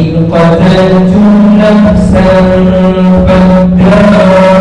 إذ قتلتم نفسا فادارأتم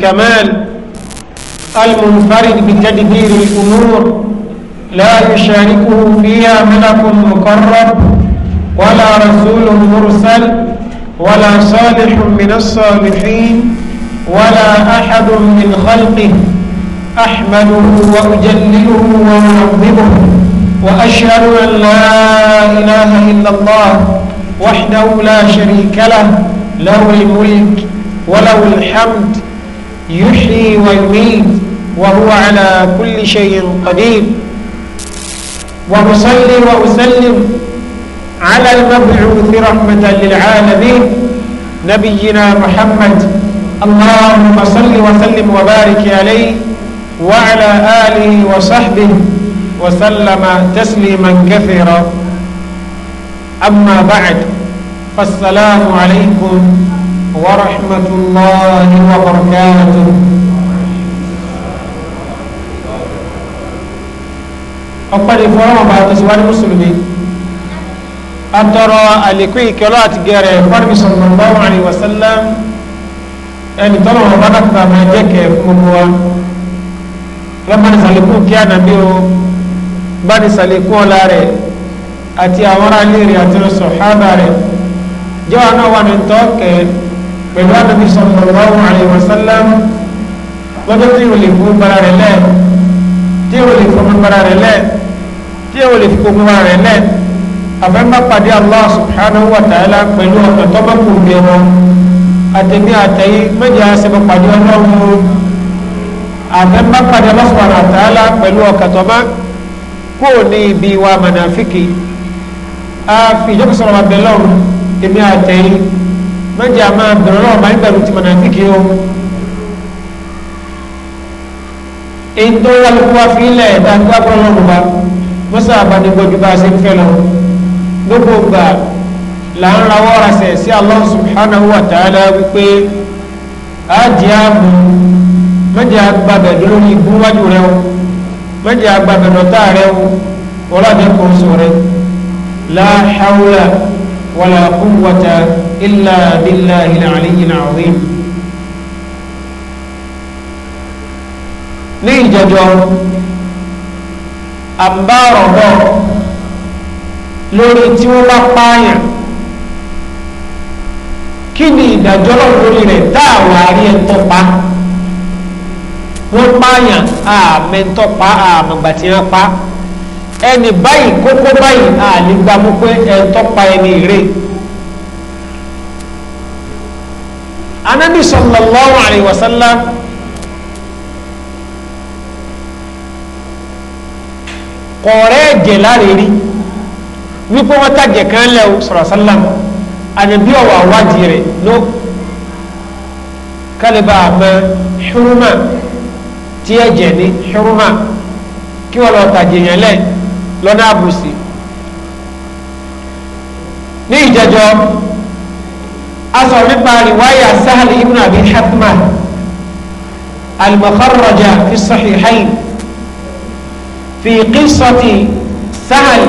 الكمال المنفرد بتدبير الأمور لا يشاركه فيها ملك مقرب ولا رسول مرسل ولا صالح من الصالحين ولا أحد من خلقه أحمده وأجلله وأعظمه وأشهد أن لا إله إلا الله وحده لا شريك له له الملك وله الحمد يحيي ويميت وهو على كل شيء قدير وأصلي وأسلم على المبعوث رحمة للعالمين نبينا محمد اللهم صل وسلم وبارك عليه وعلى آله وصحبه وسلم تسليما كثيرا أما بعد فالسلام عليكم ورحمة الله وبركاته ọpẹ́lẹ̀ fọ́nà ọba àtọ́síwájú mùsùlùmí àtọrọ àlékú ìkẹ́lọ́ àti gẹ̀rẹ̀ fọ́nàmì sallallahu alaihi wasallam ẹni tọ́nà ọba dàkùtà máa jẹ́ kẹ́ fún gbogbo wa lọ́bàá nìsàlékú kí ànàbí o bá nìsàlékú ọlá rẹ̀ àti àwọn aráàlú rẹ̀ àti sọ̀hábà rẹ̀ jẹ́wàá náà wà ní tọ́kẹ́ pẹ̀lú àdàbí sallallahu alaihi wasallam lọ́jọ́ tí o lè fún bara rẹ̀ lẹ̀ tí o lè fún bara rẹ̀ lẹ̀ tí o lè fún bara rẹ̀ lẹ̀ àfẹ́mbà pàdé Allah subhanahu wa ta'ala pẹ̀lú ọ̀tọ̀ tọ́bọ̀ kò àtẹ̀yí méjì àṣẹbọ̀ pàdé ọlọ́run àfẹ́mbà pàdé Allah subhanahu pẹ̀lú ọ̀kà tọ́bọ̀ kò ní ibi ìwà mànàfíkì àfi ìjọba sọ̀rọ̀ àbẹ̀lọ́run èmi àtẹ̀yí mẹ́jẹ̀ àmà bẹ̀rẹ̀ náà bá ń bẹ̀rù ti mọ̀nà kíkẹ́ o èyí tó wà lóko wá fi ilẹ̀ ẹ̀dá gbá bọ́ọ̀lù ọ̀rùn wa mọ́sá àbánigbọ́ ju bá ṣe ń fẹ́ lọ gbogbo gbà là ń rawọ́ rasẹ̀ sí Allah subhanahu wa ta'ala wípé á jẹ́ àmú mẹ́jẹ̀ àgbàbẹ̀ dúró ní igun wájú rẹ o mẹ́jẹ̀ àgbàbẹ̀ dọ̀tá rẹ o wọ́n láti kọ́ sọ rẹ la ولا قوة إلا بالله العلي العظيم ní ìjẹjọ́ àbárọ̀bọ̀ lórí tí wọ́n bá pààyàn kí ni ìdájọ́ náà lórí rẹ̀ táàwà rí ẹ̀tọ́pa wọ́n pààyàn àmẹ́tọ́pa àmọ̀gbàtí wọ́n pa ẹni báyìí kókó báyìí àlégbàmú pé ẹ̀tọ́ pa ẹni rè anabi sallallahu alayhi wa sallam kọ̀ọ̀rẹ́ ẹ̀jẹ̀ láríri wípé wọ́n tàjẹ̀ kan lẹ́wọ̀ sọ̀rọ̀ sallam anabi ọ̀wọ̀ àwádìí rẹ̀ ló kálíbà àmọ́ ṣúrúmà tí ẹ̀jẹ̀ ní ṣúrúmà kí wọ́n lọ tàjẹ̀ yẹn lẹ́yìn lọ́dọ̀ àbùsí ní ìjẹjọ́ a sọ̀rọ̀ nípa riwaya sahal ibn abi hathman al-mufarraja fi sahihayn fi qissati sahal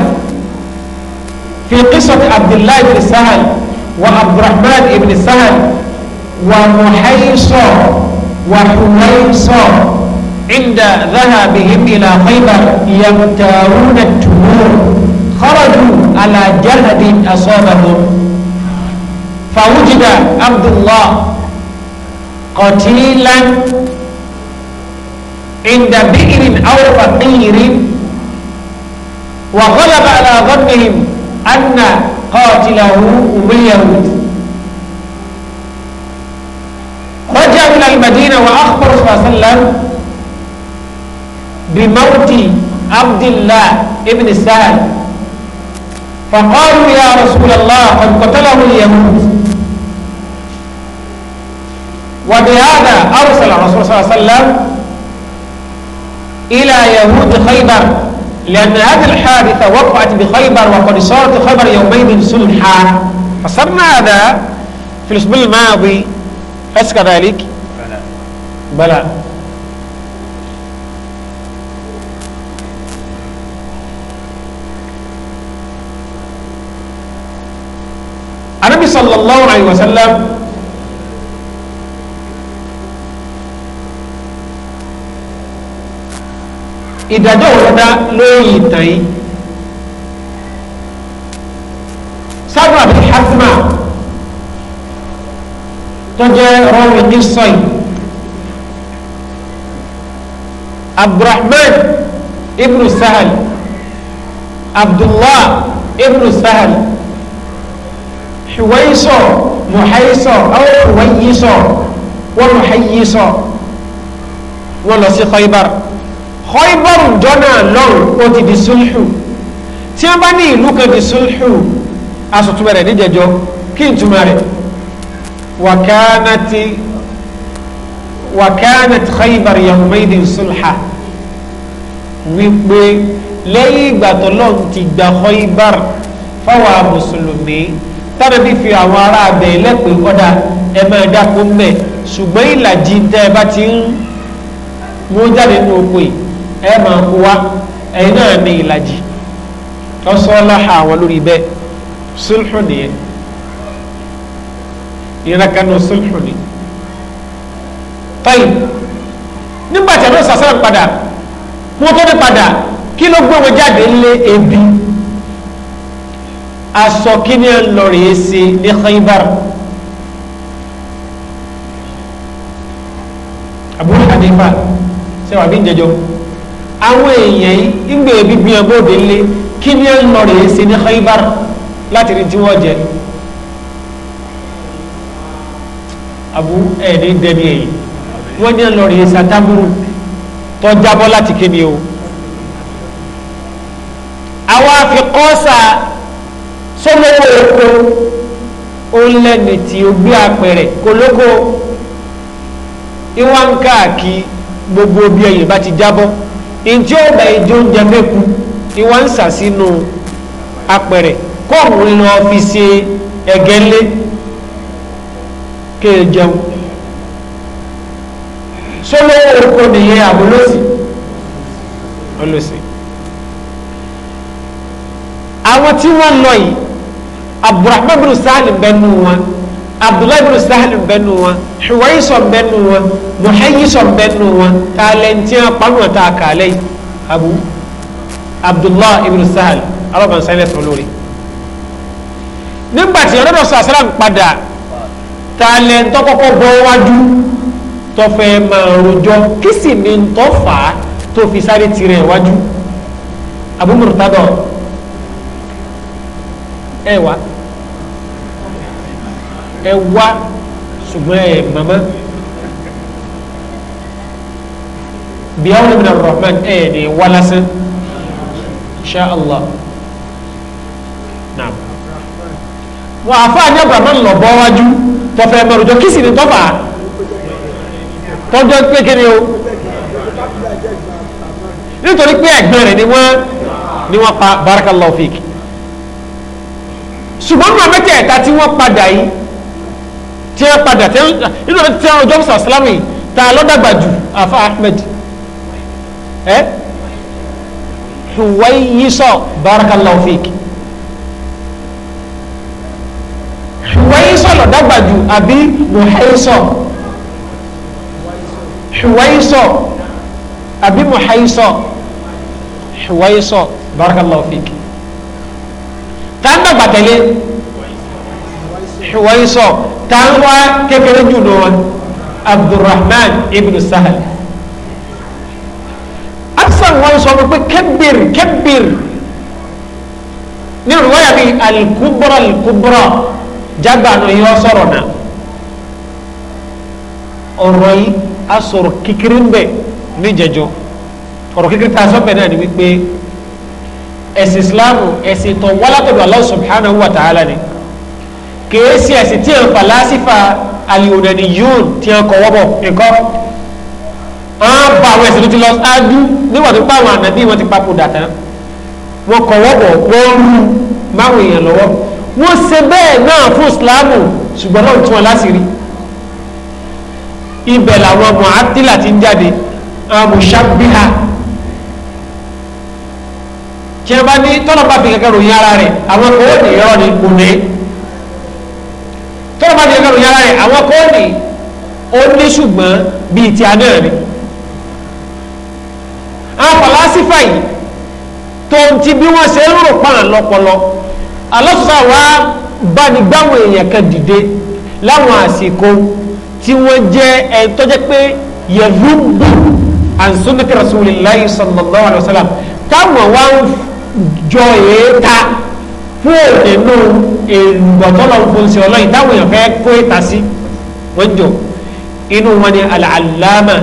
fi qissati abdullahi ibn sahal wa abdurrahman ibn sahal wa muhayso wa humayso. عند ذهابهم إلى خيبر يمتارون التمور خرجوا على جهد أصابهم فوجد عبد الله قتيلا عند بئر أو فقير وغلب على ظنهم أن قاتله اليهود رجعوا إلى المدينة وأخبروا صلى الله عليه وسلم بموت عبد الله ابن سهل فقالوا يا رسول الله قد قتله اليهود وبهذا أرسل الرسول صلى الله عليه وسلم إلى يهود خيبر لأن هذه الحادثة وقعت بخيبر وقد صارت خيبر يومين سلحا فصرنا هذا في الأسبوع الماضي أليس كذلك؟ بلى بلى النبي صلى الله عليه وسلم إذا جاء ولدا لوي تاي سرى بالحزمة تجا روي قصة عبد الرحمن ابن سهل عبد الله ابن سهل ṣùwẹ́yìísọ̀ mùháyìísọ̀ àwọn ṣùwẹ́yìísọ̀ wọ́n mùháyìísọ̀ wọ́n lọ sí Khaybar Khaybar jọ́nà lọ́rùn ó ti di sulhu tí wọ́n bá ní ìlú kan di sulhu asùtúmọ̀ rẹ̀ níjẹjọ́ kí n túmọ̀ rẹ̀ wàkánàtì wàkánàtì Khaybar sulha wípé lẹ́yìn ìgbà ti gba Khaybar fáwọn mùsùlùmí tábà fi fi àwọn ará abẹ lẹ́pẹ́ kọ́dà ẹ máa dáko mẹ́ ṣùgbọ́n ìlàjì tẹ́ ẹ bá ti ń wó jáde nínú oko yìí ẹ máa kó wá ẹ̀yin náà ní ìlàjì ọ̀sọ́lá àwọn lórí bẹ́ẹ̀ sulhu nìyẹn ìrakanu sulhu ni tayi nígbà tí a lọ sàṣà padà wọ́n tó ní padà kí ló gbé wọn jáde lé ebi aṣọ kíní ẹ̀ ń lọ rèé sí Abu Hanifa ṣe wà bí ń jẹjọ àwọn èèyàn yìí ń gbé ebi gbìyànjú òde ńlẹ kíní ẹ̀ ń lọ rèé sí ní láti rí tí wọ́n jẹ abu ẹni dẹni èyí wọ́n ní lọ rí sàtàbùrù tó jábọ́ láti kéde o àwa fi kọ́ sọlọ́wọ́ epo ó lẹ́ni tí ó gbé apẹ̀rẹ̀ kólókó ìwọ̀n káàkì gbogbo bí ẹ̀yìn bá ti jábọ́ ìjọ ọ̀bà ìjọ oúnjẹ mẹ́kù ìwọ̀n ń sà sínú apẹ̀rẹ̀ kóòwò lọ fi ṣe ẹ̀gẹ́lé kéè jẹun sọlọ́wọ́ epo nìyẹn àbúlọ́sì ọlọ́sì àwọn tí wọ́n lọ yìí abdulrahman bin salim bẹnu wọn abdullahi bin salim bẹnu wọn huwaiso bẹnu wọn muhayiso bẹnu wọn talentiyan panu ta kaalẹ abu abdullahi bin salim alaban sani ẹsẹ olórí nígbàtí ọlọ́dọ̀ sàṣẹ́lá ń padà talentọ́ kọ́kọ́ bọ́ wájú tọ́fẹ́ máa rojọ́ kí sì ni tọ́fà tó fi sáré tirẹ̀ wájú abúmùrùtádọ̀ ẹ̀wà. Eh, ẹ wá ṣùgbọ́n ẹ mọ̀mọ́ bí àwọn ibn Rahman ẹ ní wá lásán insha Allah naam wọn àfa ní Rahman lọ bọ́ wájú tọfẹ mẹrùjọ kí sì ni tọfà tọjọ pé kí ni o nítorí pé ẹ̀gbọ́n rẹ̀ ni wọ́n ni wọ́n pa barakallahu fiki ṣùgbọ́n mọ̀ mẹ́tẹ̀ẹ̀ta tí wọ́n padà yìí tí ẹ padà tí ẹ nínú tí ẹ ọjọ́ musa salamu yìí ta lọ́dàgbà jù afa ahmed ẹ huwayisọ barakallahu fik huwayisọ lọ́dàgbà jù àbí muhaisọ huwayisọ àbí muhaisọ huwayisọ barakallahu fik tá ń dàgbà tẹ̀lé huwayisọ tàǹwá kékeré jù nù wọn abdulrahman ibn sahal asan wọn sọ pé kébìr kébìr ní ìrùwáyà bíi alikubra alikubra jágbàánu yọ sọ̀rọ̀ náà ọ̀rọ̀ yìí a sọ̀rọ̀ kékeré ń bẹ níjẹjọ ọ̀rọ̀ kékeré tá a sọ bẹ náà ni wípé ẹ̀sìn islamu ẹ̀sìn tó wálátọ̀dọ̀ Allah subhanahu wa ta'ala ni kèésì ẹ̀sìn tí àwọn fàlásífà alìhùdẹ̀dì yóò tí wọ́n kọ́ wọ́bọ̀ nǹkan wọ́n bá àwọn ẹ̀sìn tó ti lọ ṣáájú nígbà tó bá àwọn ànàbí wọn ti papòdà tán wọ́n kọ́ wọ́bọ̀ wọ́n rú máwọn èèyàn lọ́wọ́ wọ́n ṣe bẹ́ẹ̀ náà fún ìsìláàmù ṣùgbọ́n náà tún wọn láṣìírí ibẹ̀ làwọn mu'attila ti ń jáde àwọn mushabbiha tí wọ́n bá ní tọ́lọ́ bá fi kẹ́kẹ́ ròyìn ara rẹ̀ àwọn kò ní ìrọ́ ni kò ní tọ́lọ́ bá ti lè kẹ́rù yára rẹ̀ àwọn kọ́ ni ó ní ṣùgbọ́n bíi ti àná ni àwọn fàlásífà yìí tó ń ti bí wọ́n ṣe ń rò pa àn lọ́pọlọ alọ́sọ̀sọ̀ wa bá ní gbáwọn èèyàn kan dìde láwọn àsìkò tí wọ́n jẹ́ ẹ̀ tọ́jẹ́ pé yẹ̀rúbù an sunnati rasulillahi sallallahu alaihi wasallam táwọn wá ń jọ èé ta fún òdìnnú èrùgbọ̀tọ́lọ̀ fún sí ọlọ́yìn táwọn èèyàn fẹ́ kó ìta sí wọ́n jọ inú wọn ni alàlámà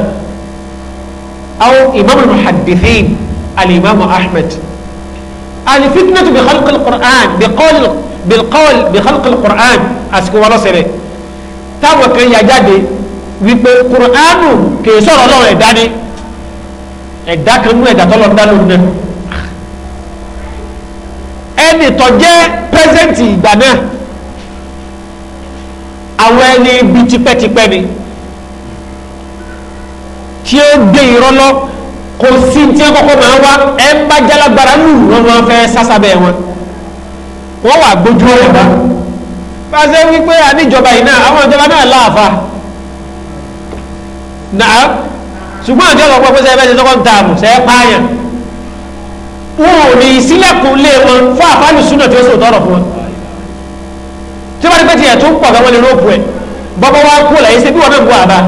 àwọn ìmáàmù muhaddithin alìmáàmù ahmed alìfitnatu bi khalq al-qur'an bi qawl bil qawl bi khalq al-qur'an àsìkò wọn lọ́sẹ̀rẹ̀ táwọn kan yà jáde wípé qur'anu kì sọ̀rọ̀ ọlọ́run ẹ̀dá ni ẹ̀dá kan nú ẹ̀dá tọ́lọ́ dá lónìí náà ẹni tó jẹ́ ìgbà náà àwọn ẹni ibi tipẹ́tipẹ́ ni tí ó gbé irọ́ lọ kò sí tí wọ́n kọ́kọ́ máa wá ẹ̀ ń bá jálágbára nù wọ́n máa fẹ́ sásábẹ́ wọn wọ́n wà gbójú ọ̀rọ̀ bá wípé àníjọba yìí náà àwọn ìjọba náà láàfa ṣùgbọ́n ọ̀pọ̀ wọn ò ní sílẹ̀kùn lé wọn fún àfáàní súnà tí ó sì tọrọ fún wọn tí wọ́n ti pẹ́ tiẹ̀ tó ń pọ̀ káwọn lè róòpù ẹ̀ bọ́bọ́ wá kú ọ̀la yìí ṣe bí wọ́n náà bu àbá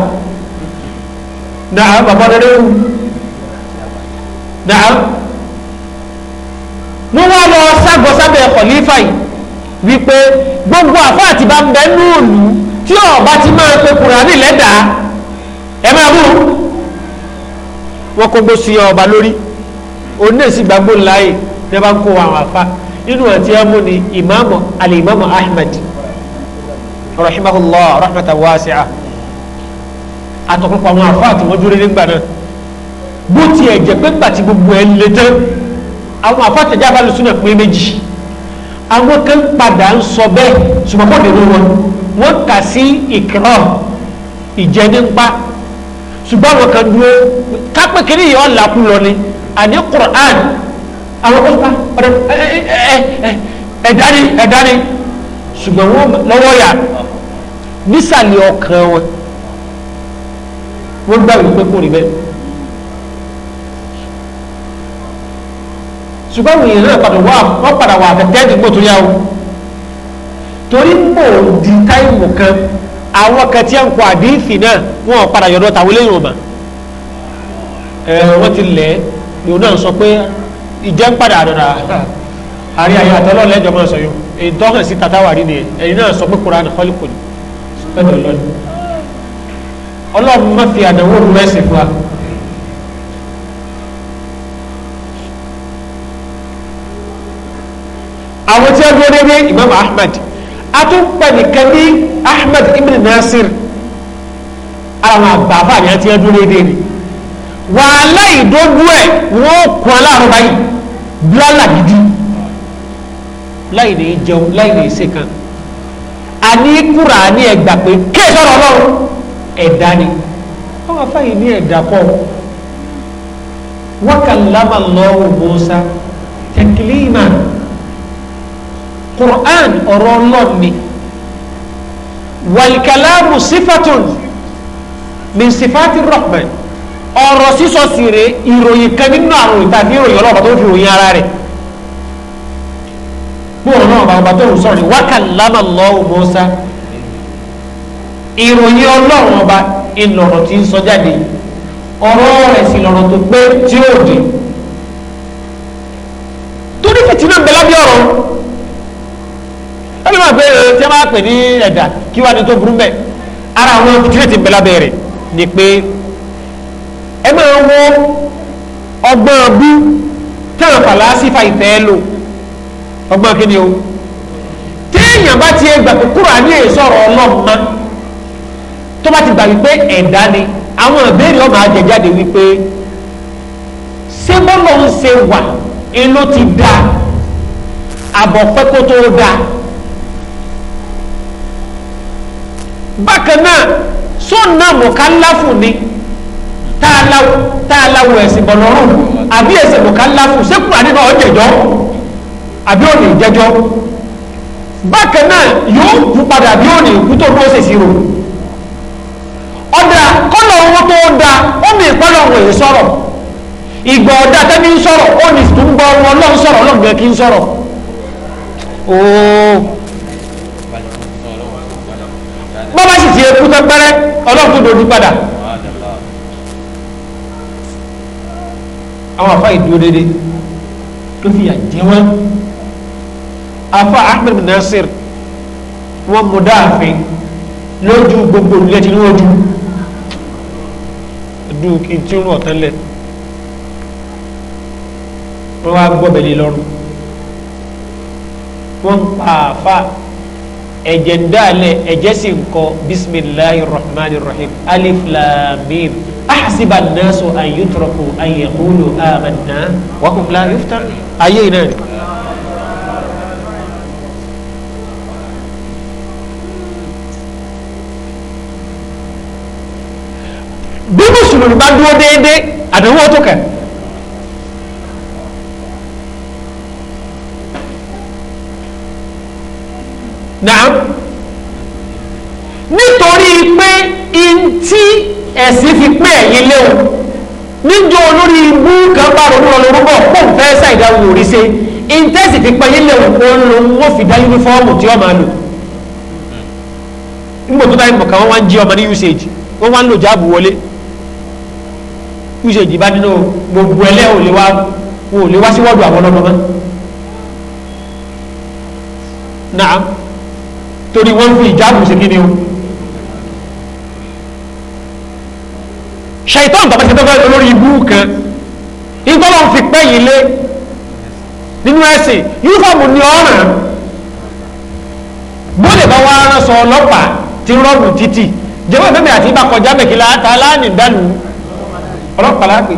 nàá bàbá ọ̀dọ́ lóru nàá wọ́n wá lọ ságọ́ sábẹ́ kọ̀lífà yìí wípé gbogbo àfọ́ àti bá ń bẹ́ lóòlù tí ọba ti máa pe kùránì lẹ́dàá ẹ máa bú wọn kò gbó sí ọba lórí òun náà sì gbàgbó láàyè ní a bá ń kó àwọn àfa nínú àti ẹmu ni ìmáàmù Ahmad rahimahullah rahmatan wasi'a àtọ̀pọ̀pọ̀ àwọn àfa àti wọ́n dúró nígbà náà bó tiẹ̀ jẹ́ pé gbàtí gbogbo ẹ̀ lè tán àwọn àfa àtẹ̀jẹ́ abálẹ̀ súnà pé méjì àwọn kan padà ń sọ bẹ́ẹ̀ ṣùgbọ́n pọ̀ nínú wọn wọ́n kà sí ìkìlọ̀ ìjẹnipa ṣùgbọ́n àwọn kan dúró kápẹ́kiri yìí ọ̀ làkú lọ ni àní Qur'an àwọn ọ̀rọ̀ ẹ̀dáni ẹ̀dáni ṣùgbọ́n wọ́n lọ́wọ́ yà nísàlẹ̀ ọkàn wọn wọ́n gbà wípé kò rí bẹ́ẹ̀ ṣùgbọ́n àwọn èèyàn náà padà wà wọ́n padà wà àtẹ̀tẹ́ ní gbòtò yà o torí mò ń di táìmù kan àwọn kan tí a ń kọ àdéhìfì náà wọ́n padà yọ̀dọ̀ tàwọn eléyìí wọn mà ẹ̀ wọ́n ti lẹ̀ ẹ́ yóò náà sọ pé ìjẹ́ ń padà àdọ̀dà àrí ayé àtọ́lọ́ lẹ́jọ́ máa sọ yó ìtọ́hàn sí tàtàwárí ni ẹ̀yin náà sọ pé Quran kọ́líkò ni pẹ̀lú ọlọ́ni ọlọ́run má fi àdánwò rú ẹ̀sìn fún wa. àwọn tí a gbọ́ dé bí Imam Ahmad atúpẹ̀lì kan ní Ahmad ibn Nasir àwọn àgbà àbáyé àti ẹdúró dé ni wàhálà ìdójú ẹ̀ wọ́n kún aláàrọ̀ báyìí blálà gidi láì ní jẹun láì ní ṣe kan àní kúrà ní ẹgbà pé kéèsọ̀rọ̀ ọlọ́run ẹ̀dá ni wọ́n máa fáyìí ní ẹ̀dá pọ̀ wákàlámà lọ́wọ́ Mùsá tẹ̀kílímà Qur'an ọ̀rọ̀ ọlọ́run ni wàlìkàlámù sífàtún min sífàtì Rahman ọ̀rọ̀ sísọ sí rè ìròyìn kan nínú àrùn ìta ní ìròyìn ọlọ́ọ̀bà tó fi ròyìn ara rẹ̀ bóun náà bàbá tó ń sọ̀rọ̀ ní wákàlámà lọ́wọ́ mọ́sá ìròyìn ọlọ́run ọba ìlọ̀rọ̀ tí ń sọ jáde ọ̀rọ̀ rẹ̀ sì lọ̀rọ̀ tó pé tí ó dé torí fìtínà ń bẹ lábẹ́ ọ̀rọ̀ ẹni máa pè tí a máa pè ní ẹ̀dà kí wàá ní tó burú mẹ́ ara àwọn fìtínà ti ń bẹ lábẹ́ rẹ̀ ni pé ẹ máa wo ọgbọ́n bú táwọn fàlásífà ìfẹ́ lò ọgbọ́n kí ni o téèyàn bá ti gbà pé Kùránì sọ̀rọ̀ ọlọ́run mọ́ tó bá ti gbà wípé ẹ̀dá ni àwọn ìbéèrè ọmọ àjẹjáde wípé ṣé bọ́lọ̀ ń ṣe wà ló ti da àbọ̀ pẹ́ kó tó da bákan náà sọ́ọ̀nà mọ̀ká ńlá fún ni tààláwò ẹ̀sìn bọ̀lọ́rùn àbí ẹ̀sìn bùkà láfù sékùn àdínà ọ̀jẹ̀jọ́ àbí òní ìjẹ́jọ́ bákan náà yóò kú padà àbí òní ikú tó dúró sì síro ọ̀dà kọ́lọ̀ owó tó da ó mi ìpọ́lọ̀ wòye sọ̀rọ̀ ìgbà ọ̀dà tẹ́mi ń sọ̀rọ̀ ó ní tó ń gbọ́ ọmọ ọlọ́run sọ̀rọ̀ ọlọ́gbẹ́ kí ń sọ̀rọ̀ ooo bọ́bá sì ti ekú tẹ́pẹ́rẹ́ ọlọ́run tó dòdú padà àwọn afa ìdúró dédé tó fi yà jẹ wọn afa Ahmed bin Nasir wọn mú dáàfin lójú gbogbo ilé tí wọn dùn dùn kí n tí ń rọ tẹ́lẹ̀ wọn wá gbọbẹlẹ lọ́rùn pa àfa ẹ̀jẹ̀ ń dálẹ̀ bismillahir rahmanir rahim alif lam mim. أحسب الناس أن يتركوا أن يقولوا آمنا وهم لا يفتر أيين ba duwo deede ada wo to ka na ni tori ntí ẹ̀sìn fi pẹ́ ẹ̀yìn léwu níjọ́ olórí ibú kan bá ronú lọ lórúkọ kó n fẹ́ ṣàìdá wòrí ṣe ìntẹ́sì fi pẹ́ ẹ̀yìn léwu kó ń lo wọ́n fi dá yunifọ́ọ̀mù tí wọ́n máa lò nígbà tó táyé mọ̀ká wọ́n wá ń jí ọmọ ní usage wọ́n wá ń lò jáàbù wọlé usage bá nínú gbogbo ẹlẹ́ ò lè wá ò lè wá sí wọ́ọ̀dù àwọn ọlọ́mọ mọ́ náà torí wọ́n fi ìjáàbù ṣe kí ni o. ṣàìtàn tàbí tẹ́tọ́ fẹ́ lórí ibú kan ìtọ́lọ́ fi pẹ́ yìí lé nínú ẹ̀sìn yúfọ̀mù ni ọ̀ràn bóde bá wá ránṣọ ọlọ́pàá ti rọ́ọ̀mù títì jẹ́wọ́ ìfẹ́mi àti ibà kọjá mẹ́kìlá ta láàánì dànù ọlọ́pàá lápè.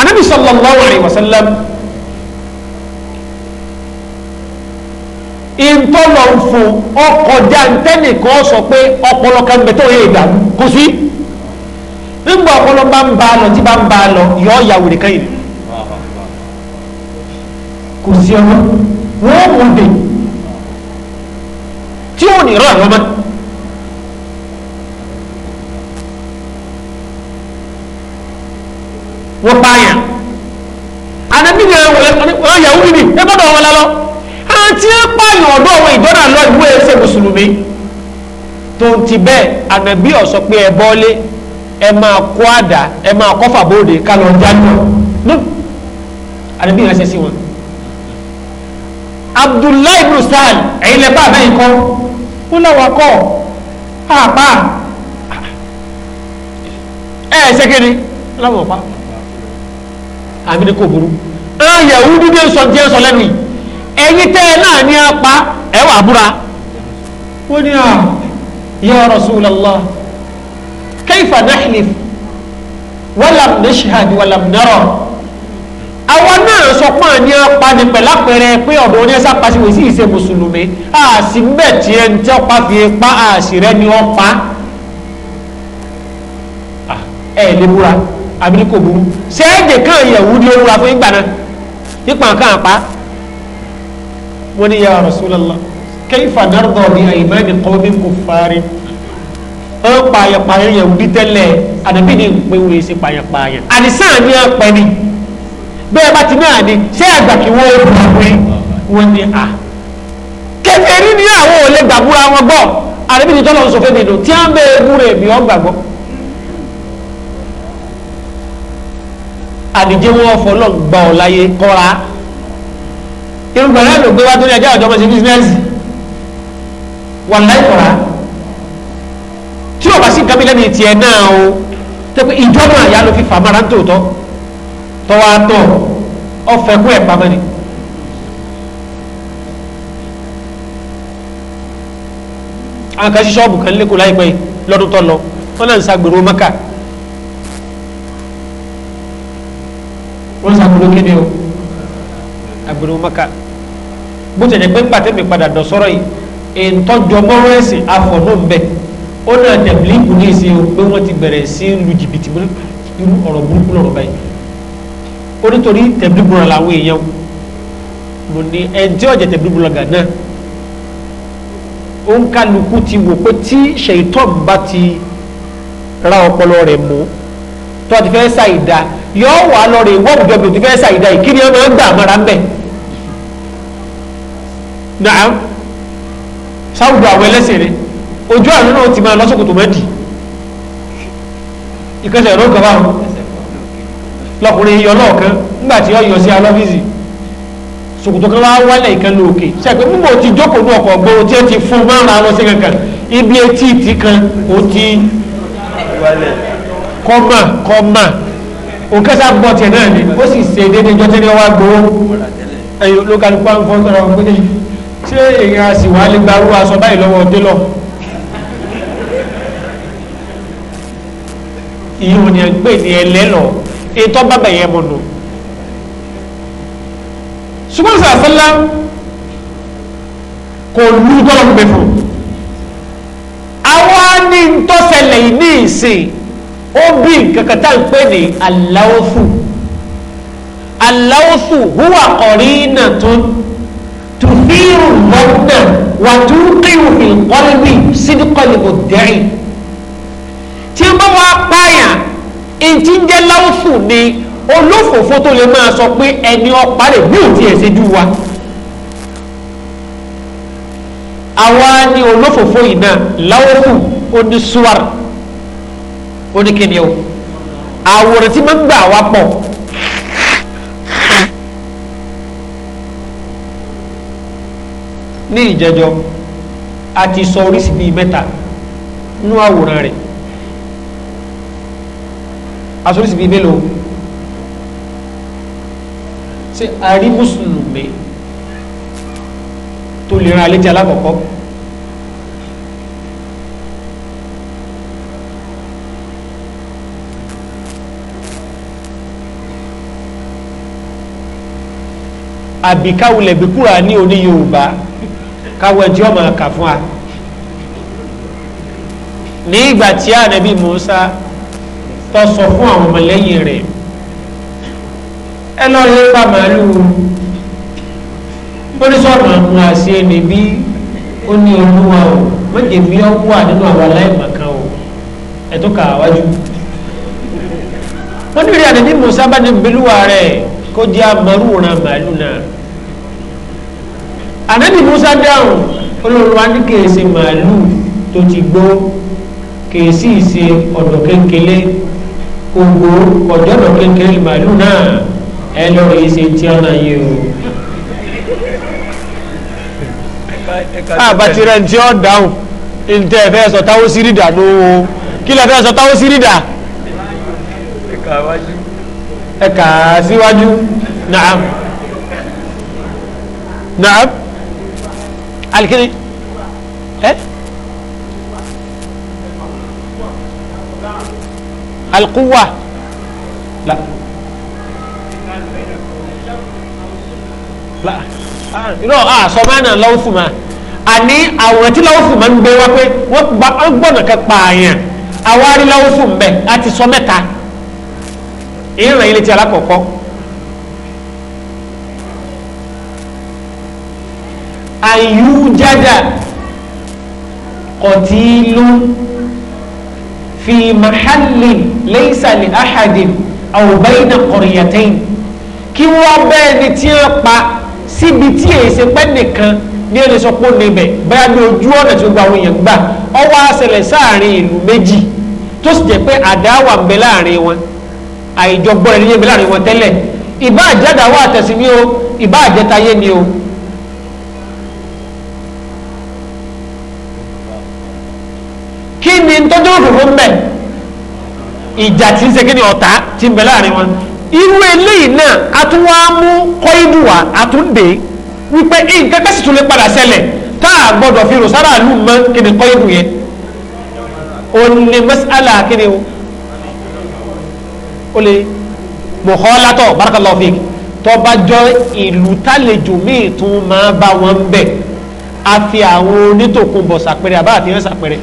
anabi sallallahu ìtọ́lọ̀ ń fún ọkọjá ntẹ́nìkan sọ pé ọpọlọ kan bẹ tó yẹ ìgbà kò sí nígbà ọpọlọ bá ń ba lọ tí bá ń ba lọ yọ ìyàwó nìkan yìí kò sí ọmọ wọn mú de tí ò ní rọ àwọn ọmọ. wọ́n pààyàn àná bí wọ́n yàwó níbi ẹ wọn lálọ́ àwọn tí ó pààyàn ọ̀dọ́ àwọn ìjọ́nà lọ ìwé ẹsẹ̀ mùsùlùmí tó ń ti bẹ́ẹ̀ ànàbí ọ̀sọ́ pé ẹ bọ́lé ẹ máa kó àdá ẹ máa kọ́ fàbóde ká lọ jáde nù ànàbí yẹn ṣe sí wọn. Abdullahi ibn Sahal ẹ̀yin lẹ́pà bẹ́ẹ̀ kọ́ ó láwa kọ́ àpá ẹ̀ ṣe kéde láwọn ọ̀pá àmì ni kò burú. ẹ̀ yẹ̀wù dúdú sọ jẹ́ sọ lẹ́nu yìí ẹ̀yin tẹ́ ẹ náà ní apá ẹ wà búra ó ní à ah, ya Rasulullah kayfa nahlif walam nashhad walam nara àwọn náà sọ pé àní apá ni pẹ̀lápẹ̀rẹ̀ pé ọ̀dọ̀ oní ẹ̀sà pàṣípò sí ìṣe mùsùlùmí àṣì mbẹ̀ tí ẹ ń tẹ́ ọ̀pá fi pa àṣì rẹ ni wọ́n pa ah, ẹ̀ lè búra àbí kò burú ṣé ẹ̀jẹ̀ kan yẹ̀wù fún ìgbà náà nípa nǹkan àpá wọ́n ní ya Rasulullah kayfa nardọ̀ bí àyèmáàmì kọ́mí kò fari ó pààyàpààyà yẹn wí tẹ́lẹ̀ àdàbí ni pé wọ́n ṣe pààyàpààyà àdìsàn ni àpẹ ni bẹ́ẹ̀ bá ti náà ni ṣé àgbà kí wọ́n bù wí wọ́n ní à kékeré ní àwọn ò lè gbàgbúra wọn gbọ́ àdàbí ni tọ́lọ́ sọ fẹ́ mi nù tí à ń bẹ ewu rẹ̀ mi ò gbàgbọ́. àdìjẹ́ wọn fọlọ́ gbà ọ̀ láyé kọ́ra irúgbà náà ló gbé wá tó ní ẹjọ́ ìjọba ṣe bísínẹ́sì wà láìpọ̀ra tí ò bá sí nǹkan mi lẹ́nu ìtìẹ̀ náà o tẹ́pẹ́ ìjọba àyà ló fi fàmàrà ń tòótọ́ tọ́wọ́ àtọ̀ ọ̀fẹ́ kú ẹ̀ pamẹ́ni. àwọn kan sí ṣọ́ọ̀bù kan lẹ́kọ̀ọ́ láìpẹ́ lọ́dún tó lọ wọ́n náà ń ṣàgbèrò mọ́kà wọ́n ń ṣàgbèrò kéde o àgbèrò mọ́kà bó tẹ̀lé pé pàtẹ́mi padà dọ̀ sọ́rọ̀ yìí ìtọ́jọ mọ́rọ́ ẹ̀sìn afọ̀ náà ń bẹ̀ ó náà tẹ̀lé ìkù ní ìsìn pé wọ́n ti bẹ̀rẹ̀ sí lu jìbìtì irú ọ̀rọ̀ burúkú lọ́rọ̀ báyìí ó nítorí tẹ̀lé búra làwọn èèyàn mo ní ẹni tí ọ̀jẹ̀ tẹ̀lé búra gànà ó ń kálukú ti wò pé tí ṣèyítọ́ bá ti ra ọpọlọ rẹ̀ mú tó ti fẹ́ ṣàìdá yọ wà lọ rè wọ́n òjọ́ bí o ti fẹ́ ṣàìdá ìkíni ọmọ ẹgbàá mara ń bẹ̀ nàá sáwùdù àwọn ẹlẹ́sìn ni ojú àná náà ti máa lọ́sọ̀kòtò mẹ́dì ìkẹsẹ̀ ẹ̀rọ kan báwọn lọkùnrin yọ kan nígbà tí wọ́n yọ sí alọ́fíìsì ṣòkòtò kan wá wálẹ̀ ìkan lóòkè ṣàpé mímọ̀ ti jókòó ní ọkọ̀ ọgbọ́n tí ẹ ti fún márùn-ún kankan ibi etí ti kan ó ti kọ́mà kọ́mà òkèsà bọ̀ tiẹ̀ náà ni ó sì ṣe déédéé gbowó ẹ̀yìn àwọn ṣé èèyàn àti wàá lè gbarú aṣọ báyìí lọ́wọ́ télọ̀ ìyóò ní ẹgbẹ́ ní ẹlẹ́lọ ètò bàbá yẹn mọ̀ nù ṣùgbọ́n sàṣẹ́lá kò lú tọ́lọ́ gbẹ fún àwa ní ntọ́sẹ̀lẹ̀ ní ìsìn ó bí nǹkan tá à ń pè ní aláwọ̀sù aláwọ̀sù hùwà ọ̀rìnà tó ń. تثير الظن وتوقع في القلب صدق المدعي tí wọ́n wá pààyàn ètí ń jẹ́ láwùsù ni olófòfó tó lè máa sọ pé ẹni ọ̀pá rẹ̀ bí ò tiẹ̀ ṣe jú wa àwa ni olófòfó yìí náà láwùsù oníṣúwàr oníkìnìún àwòrán tí máa ń gbà wá pọ̀ ní ìjẹjọ àti sọ oríṣi bíi mẹ́ta nú àwòrán rẹ̀ aṣọ oríṣi bíi mélòó ṣe àrí mùsùlùmí tó lè ran àlejò alákọ̀ọ́kọ́ àbíkáwulẹ̀ bí Kùránì oní Yorùbá káwọn ẹjọ́ máa kà fún wa ní ìgbà tí ànábì Musa tó sọ fún àwọn ọmọlẹ́yìn rẹ̀ ẹ lọ́ọ́ lépa màálù bónísọ̀nà àwọn àṣẹ níbí ó ní olúwa o méje mi ó wà nínú àwọn aláìmọ̀kan o ẹ tó kà wájú wọ́n ní rí ànábì Musa bá ní bílúwa rẹ̀ kó jẹ́ amọ̀rúwòrán màálù náà ànábì Musa dáhùn olóòlùwà ní kìí ṣe màálù tó ti gbó kìí sì ṣe ọ̀dọ̀ kékeré ògbó ọ̀jọ̀dọ̀ kékeré màálù náà ẹ lọ́rọ̀ yìí ṣe tí ọ̀nà yìí o. àbàtì ah, rẹ̀ ti ọ̀ dáhùn ntẹ ẹ fẹ́ sọ táwọn sírìdà ló wo kí lẹ fẹ́ sọ táwọn sírìdà. ẹ kà á síwájú naam naam alikiri ẹ eh? alikuwa la la ah, irọ́ a ah, sọ bá náà lọ́wọ́ fún ma àní àwọn tí lọ́wọ́ fún ma ń gbé wá pé wọ́n gbọ́nà kan pààyàn àwárí lọ́wọ́ fún bẹ́ẹ̀ a ti sọ mẹ́ta ìrìn ilé tí alákọ̀ọ́kọ́. ayújádà kọtílù fi mahalli lẹ́sàlẹ̀ ahadin àwòbáyínà kọ̀rìyàtẹ́yìn kí wọ́n bẹ́ẹ̀ ni tí wọ́n pa síbi tí èsì pẹ́ nìkan ní ẹni sọ pé níbẹ̀ bẹ́ẹ̀ ni ojú ọ̀nà tí gbogbo àwọn èèyàn gbà ọwọ́ àṣẹlẹ̀ sáàrin ìlú méjì tó sì jẹ́ pé àdáwà bẹ láàrin wọn àìjọgbọ́n ẹni yé ń láàrin wọn tẹ́lẹ̀ ìbá àjẹ́dáwà àtẹ̀sí ni o ìbá àjẹ́tayé ni o bẹ̀ ìjà tí ń ṣe kíni ọ̀tá tí ń bẹ láàrin wọn irú eléyìí náà a tún wá mú kọ́ídù wá a tún dé wípé nǹkan kẹ́sì tún lè padà ṣẹlẹ̀ tá a gbọ́dọ̀ fi rò sára lù mọ́ kíni kọ́ídù yẹn òní mẹ́sàlá kíni o ó lè mọ̀kọ́látọ̀ barakallahu fik tọba jọ ìlú tálejò míì tún máa bá wọn bẹ̀ a fi àwọn onítòkun bọ̀ sàpẹrẹ àbá àfihàn sàpẹrẹ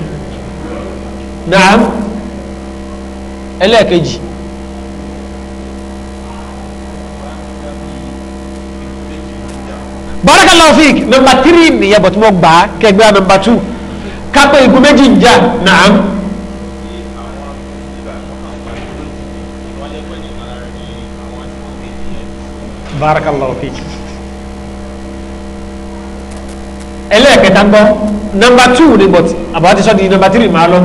naam ẹlẹ́ẹ̀kejì barakallahu fiik nọmba tírì nìyẹn bọ̀tí wọ́n gbà á kẹgbẹ́ nọmba tù kápẹ́ igun méjì ń jà naam. barakallahu fiik ẹlẹ́ẹ̀kẹta ń bọ́ nọmba tù ni bọ̀tí àbáwá ti di nọmba tírì máa lọ.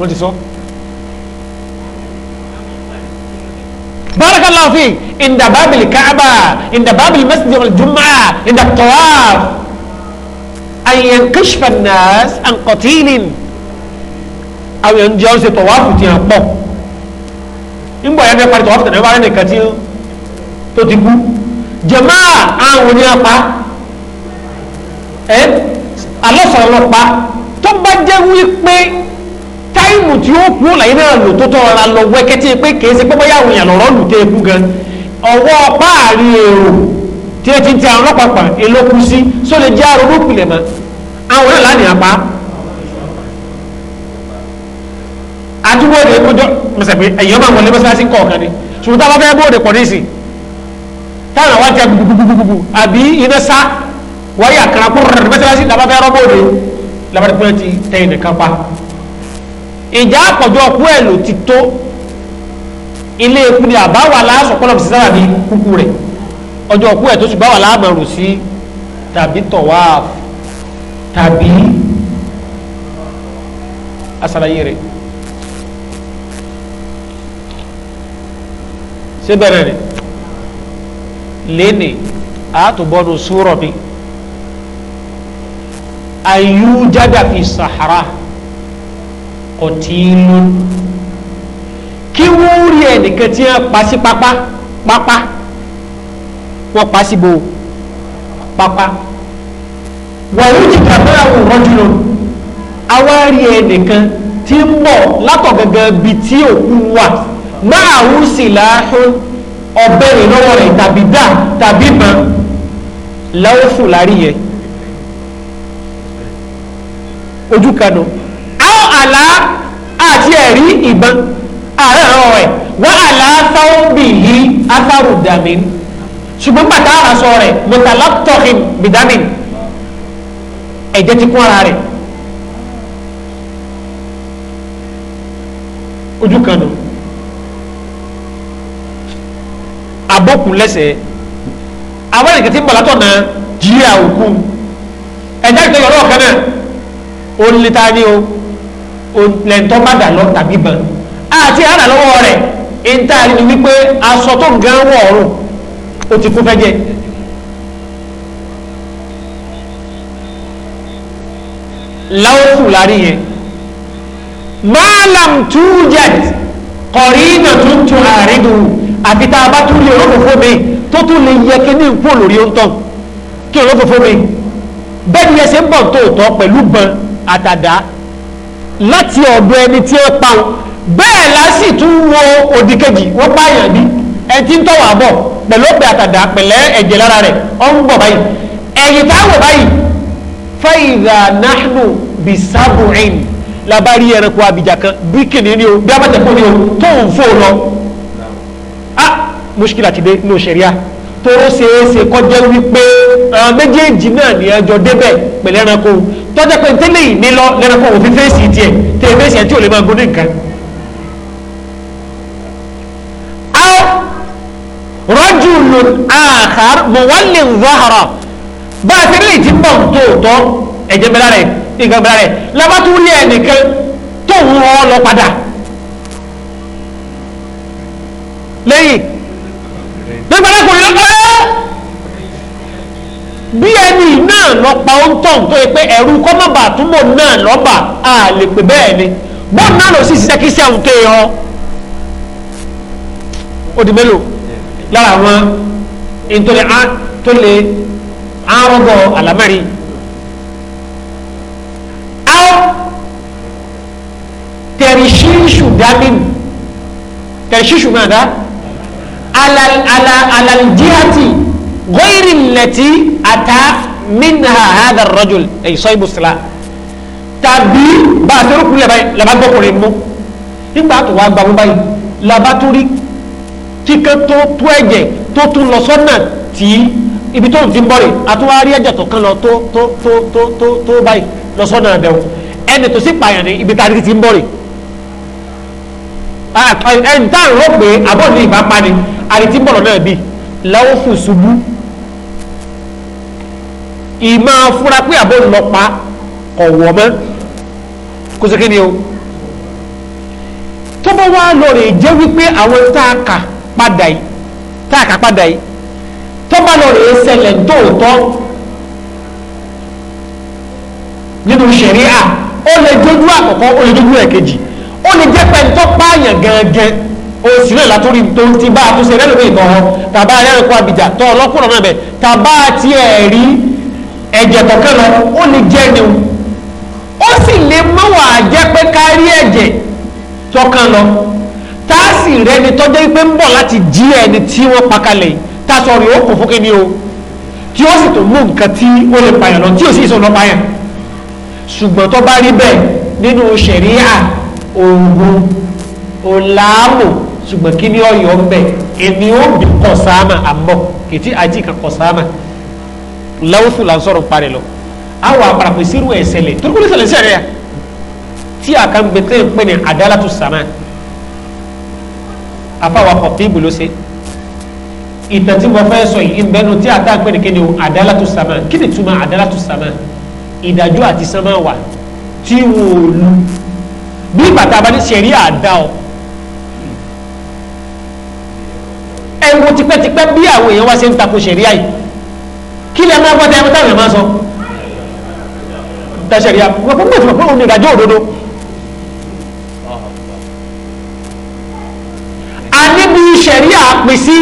wọ́n ti sọ. barakallahu fi inda babil kaaba inda babil masjid wal jumaa inda tawaf an yankashfa an-nas an qatilin àwọn èèyàn jẹ́ ọ́n ṣe tọ̀wáfù ti hàn pọ̀ nígbà yẹn fẹ́ parí tọ̀wáfù tẹ̀lé wáyé nìkan tí tó ti kú jẹ̀má àwọn ní apá ẹ eh? alọ́sọ̀rọ̀ lọ́pa tó bá jẹ́ wípé táìmù tí ó kú láyé náà lò tó tọ́ ra lọ wẹ́kẹ́ tí pé kìí ṣe pẹ́pẹ́ yàwó èèyàn lọ́rọ́ lù tẹ́ ikú gan ọwọ́ páàrí èrò tí ẹ ti ti àwọn ọlọ́pàá ìlókù sí só lè jẹ́ àrùn olókùnlẹ̀ mọ́ àwọn náà lánìí apá àdúgbò òde kọjọ mẹsàgbé ẹ̀yìn ọmọ àwọn lẹ́mọ́sálásí kọ̀ọ̀kan ni ṣùgbọ́n táwọn fẹ́ bóde pọ̀ níìsì àwọn ti gbogbogbogbogbò àbí iná sá wáyà kan kúrò mẹsàgbé làwọn fẹ́ rọ́ bóde làwọn ti tẹ́yìn nìkan pa ìjà àpọ̀jọ ọkú ẹ̀ ló ti tó ilé eku ni àbáwà láàsọ̀ pọ́lọ́pù sí sára ní kúkú rẹ̀ ọjọ́ ọkú ẹ̀ tó ṣùgbọ́n wà láàmọ̀rù sí tàbí tọ̀wá tàbí asàlàyé rẹ̀ ṣé bẹ̀rẹ̀ rẹ̀ lẹ́nì àtúbọ̀nù súrọ̀ mi àyú jáde fi sàhárà kọtíìlú kí wọ́n rí ẹnìkan tí wọ́n pa sí pápá pápá wọ́n pa síbo pápá wọ̀nyí ti kàmú àwọn rọ́júlò àwọn rí ẹnìkan tí ń bọ̀ látọ̀ gẹ́gẹ́ bíi tí òkú wà máa ń sì láàrín ọbẹ̀ rìn lọ́wọ́ rẹ̀ tàbí dà tàbí mọ́ lọ́wọ́ fún lárí yẹn ojú kanu àlá àti ẹ̀rí ìbọn ààrẹ ọ̀rọ̀ rẹ̀ wọ́n àlá sáwọ́bì yìí afárù dàmí ṣùgbọ́n bàtà àràsọ rẹ̀ mọ̀tàlá tọ́kì bìdámì ẹ̀jẹ̀ ti kún ara rẹ̀ ojú kan nù abókun lẹ́sẹ̀ àwọn ènìyàn ti ń bàlátọ̀ náà jírí àwòkú ẹ̀jẹ̀ ìtọ́jú ọlọ́ọ̀kan náà ó ń lé ta ní o lẹ́ńtọ́ bá dà lọ tàbí bàn àti àrà lọ́wọ́ rẹ̀ ìntàrí ni wípé aṣọ tó ń gan wọ̀ ọ̀rùn ó ti kú fẹ́jẹ́ láwọ́kù láàrin yẹn máàlàm tújẹt kọ̀rí náà tó ń tún àárín dùn àti tá bá tún lè rọ́pò mi tó tún lè yẹ kí ní nǹkó lórí ó kí rọ́pò mi bẹ́ẹ̀ ni ẹsẹ̀ ń bọ̀ tóòtọ́ pẹ̀lú gbọ̀n àtàdá láti ọ̀dọ̀ ẹni tí ó pa wọn bẹ́ẹ̀ lásì tún wo òdì kejì wọ́n pààyàn bí ẹni tí ń tọ̀wọ̀ àbọ̀ pẹ̀lú ọ̀pẹ̀ àtàdá pẹ̀lẹ́ ẹ̀jẹ̀ lára rẹ̀ ọ ń bọ̀ báyìí ẹ̀yìn táwọn báyìí fẹ́ìdà náhùnù bí sábùrìn labari ẹranko abìjà kan bí kìnìún ni o bí abàtẹ̀kùn ni o tó fò lọ. a ah, mushkila ti dé ní òṣèré tó ṣeéṣe kọjá wípé àwọn eh, méjèèjì náà ní ẹjọ́ débẹ̀ pẹ̀lú ẹranko tọ́jà pé tẹ́lẹ̀ yìí nílọ lẹ́ranko òfin fèsì tiẹ̀ tẹ́ fèsì ẹ̀ tí ò lè máa gbóni nǹkan. rọ́jùlùn àhàr mọ̀wálì zahara bá a ti rí ìdí bọ̀ tóòtọ́ ẹ̀jẹ̀ bẹ̀rẹ̀ rẹ̀ nǹkan bẹ̀rẹ̀ rẹ̀ labatúlẹ̀ nìkan tó ń rọ́ lọ padà lẹ́yìn nígbàlákùnrin lọ́pẹ́ bí ẹni náà lọ pa ó ń tọ̀ tó yẹ pé ẹ̀rú kọ́mọ̀bà túnbọ̀ náà lọ́bà á lè pè bẹ́ẹ̀ ni bọ́ọ̀n náà lọ sí ìṣiṣẹ́ kí sí àwọn tó yọ ó di mélòó lára àwọn ìtòlè àárọ̀gọ̀ àlámẹ́rin tẹ̀rìṣíṣù dámìn tẹ̀rìṣíṣù náà dá alal ala alal jihati ghoiri lati ata minha hadha rajul ay soyibu sila tàbí bàtẹ́rù kúlẹ̀ báyìí làbá gbọ́kùnrin mú nígbà tó wá gbàmú báyìí làbá tó rí kíkẹ́ tó tó ẹ̀jẹ̀ tó tún lọ sọ́nà tí ibi tó ń fi ń bọ̀ rè àtúwárí ẹ̀jẹ̀ tó kán lọ tó tó tó tó tó tó báyìí lọ sọ́nà àbẹ̀wò ẹni tó sì pààyàn ní ibi tàbí ti ń bọ̀ rè ẹni tá à ń rò pé pa ni àrètí bọ̀lọ̀ náà bí láwọ́fù ṣubú ìmọ̀ fúra pé àbò ńlọpa ọ̀wọ́ mọ́ kó sí kí ni o tó bá wá lọ rè jẹ́ wípé àwọn táàkà padà yìí táàkà padà yìí tó bá lọ rè ṣẹlẹ̀ tóòtọ́ nínú ṣẹ̀ríà ó lè dojú àkọ́kọ́ ó lè dojú ẹ̀kejì ó lè jẹ́ pẹ́ńtọ́ pààyàn gangan oṣù náà látòrí tó ti bá a tó ṣe rẹ́lùmí ìtàn wọn tàbá rẹ́rìn kó abìjà tọ́ ọlọ́kùnrin náà bẹ̀ tàbá ti ẹ̀ rí ẹ̀jẹ̀ tọ̀kẹ́ lọ ó lè jẹ́ ni ó sì lè mọ́wà jẹ́ pé kárí ẹ̀jẹ̀ tọ̀kẹ́ lọ tá a sì rẹni tọ́jọ́ pé ń bọ̀ láti jí ẹni tí wọ́n pa kalẹ̀ tá a sọ rí ó fún kíni o tí ó sì tó mú nǹkan tí ó lè pààyàn lọ tí ò sì sọ lọ pààyàn ṣùgbọ́n tó bá rí bẹ́ẹ̀ nínú ṣẹ̀ríà òògùn òlàámù ṣùgbọ́n kí ni ọ̀yọ́ ń bẹ̀ ẹni ó bí kọ̀sáàmà àmọ́ kìtì àjí kan kọ̀sáàmà lawusu la ń sọ̀rọ̀ parí lọ àwọn àpàràpọ̀ ìṣirò ẹ̀sẹ̀ lẹ̀ torí kò ní ṣẹlẹ̀ sẹ́rẹ̀ yà tí a kan gbẹtẹ́ pé ní adálàtú sàmà afáwa ọ̀tí ìbùlọ ṣe ìtàn tí mo fẹ́ sọ yìí ń tí a tá a ní kí ni adálàtú sàmà kí ni túmọ̀ sàmà ìdájọ́ àti sàmà wà tí wò ó lu bí bàtà bá ní sẹ̀rí àdá ọ ẹ wo tipẹ́tipẹ́ bí àwọn èèyàn wá ṣe ń tako ṣẹ̀ríà yìí kí lẹ máa gbọ́dọ̀ ẹ̀wọ̀n táwọn ẹ̀ máa sọ da ṣẹ̀ríà wọ́n fún mẹ́fà fún òun ìdájọ́ òdodo. a níbi ṣẹ̀ríà pè sí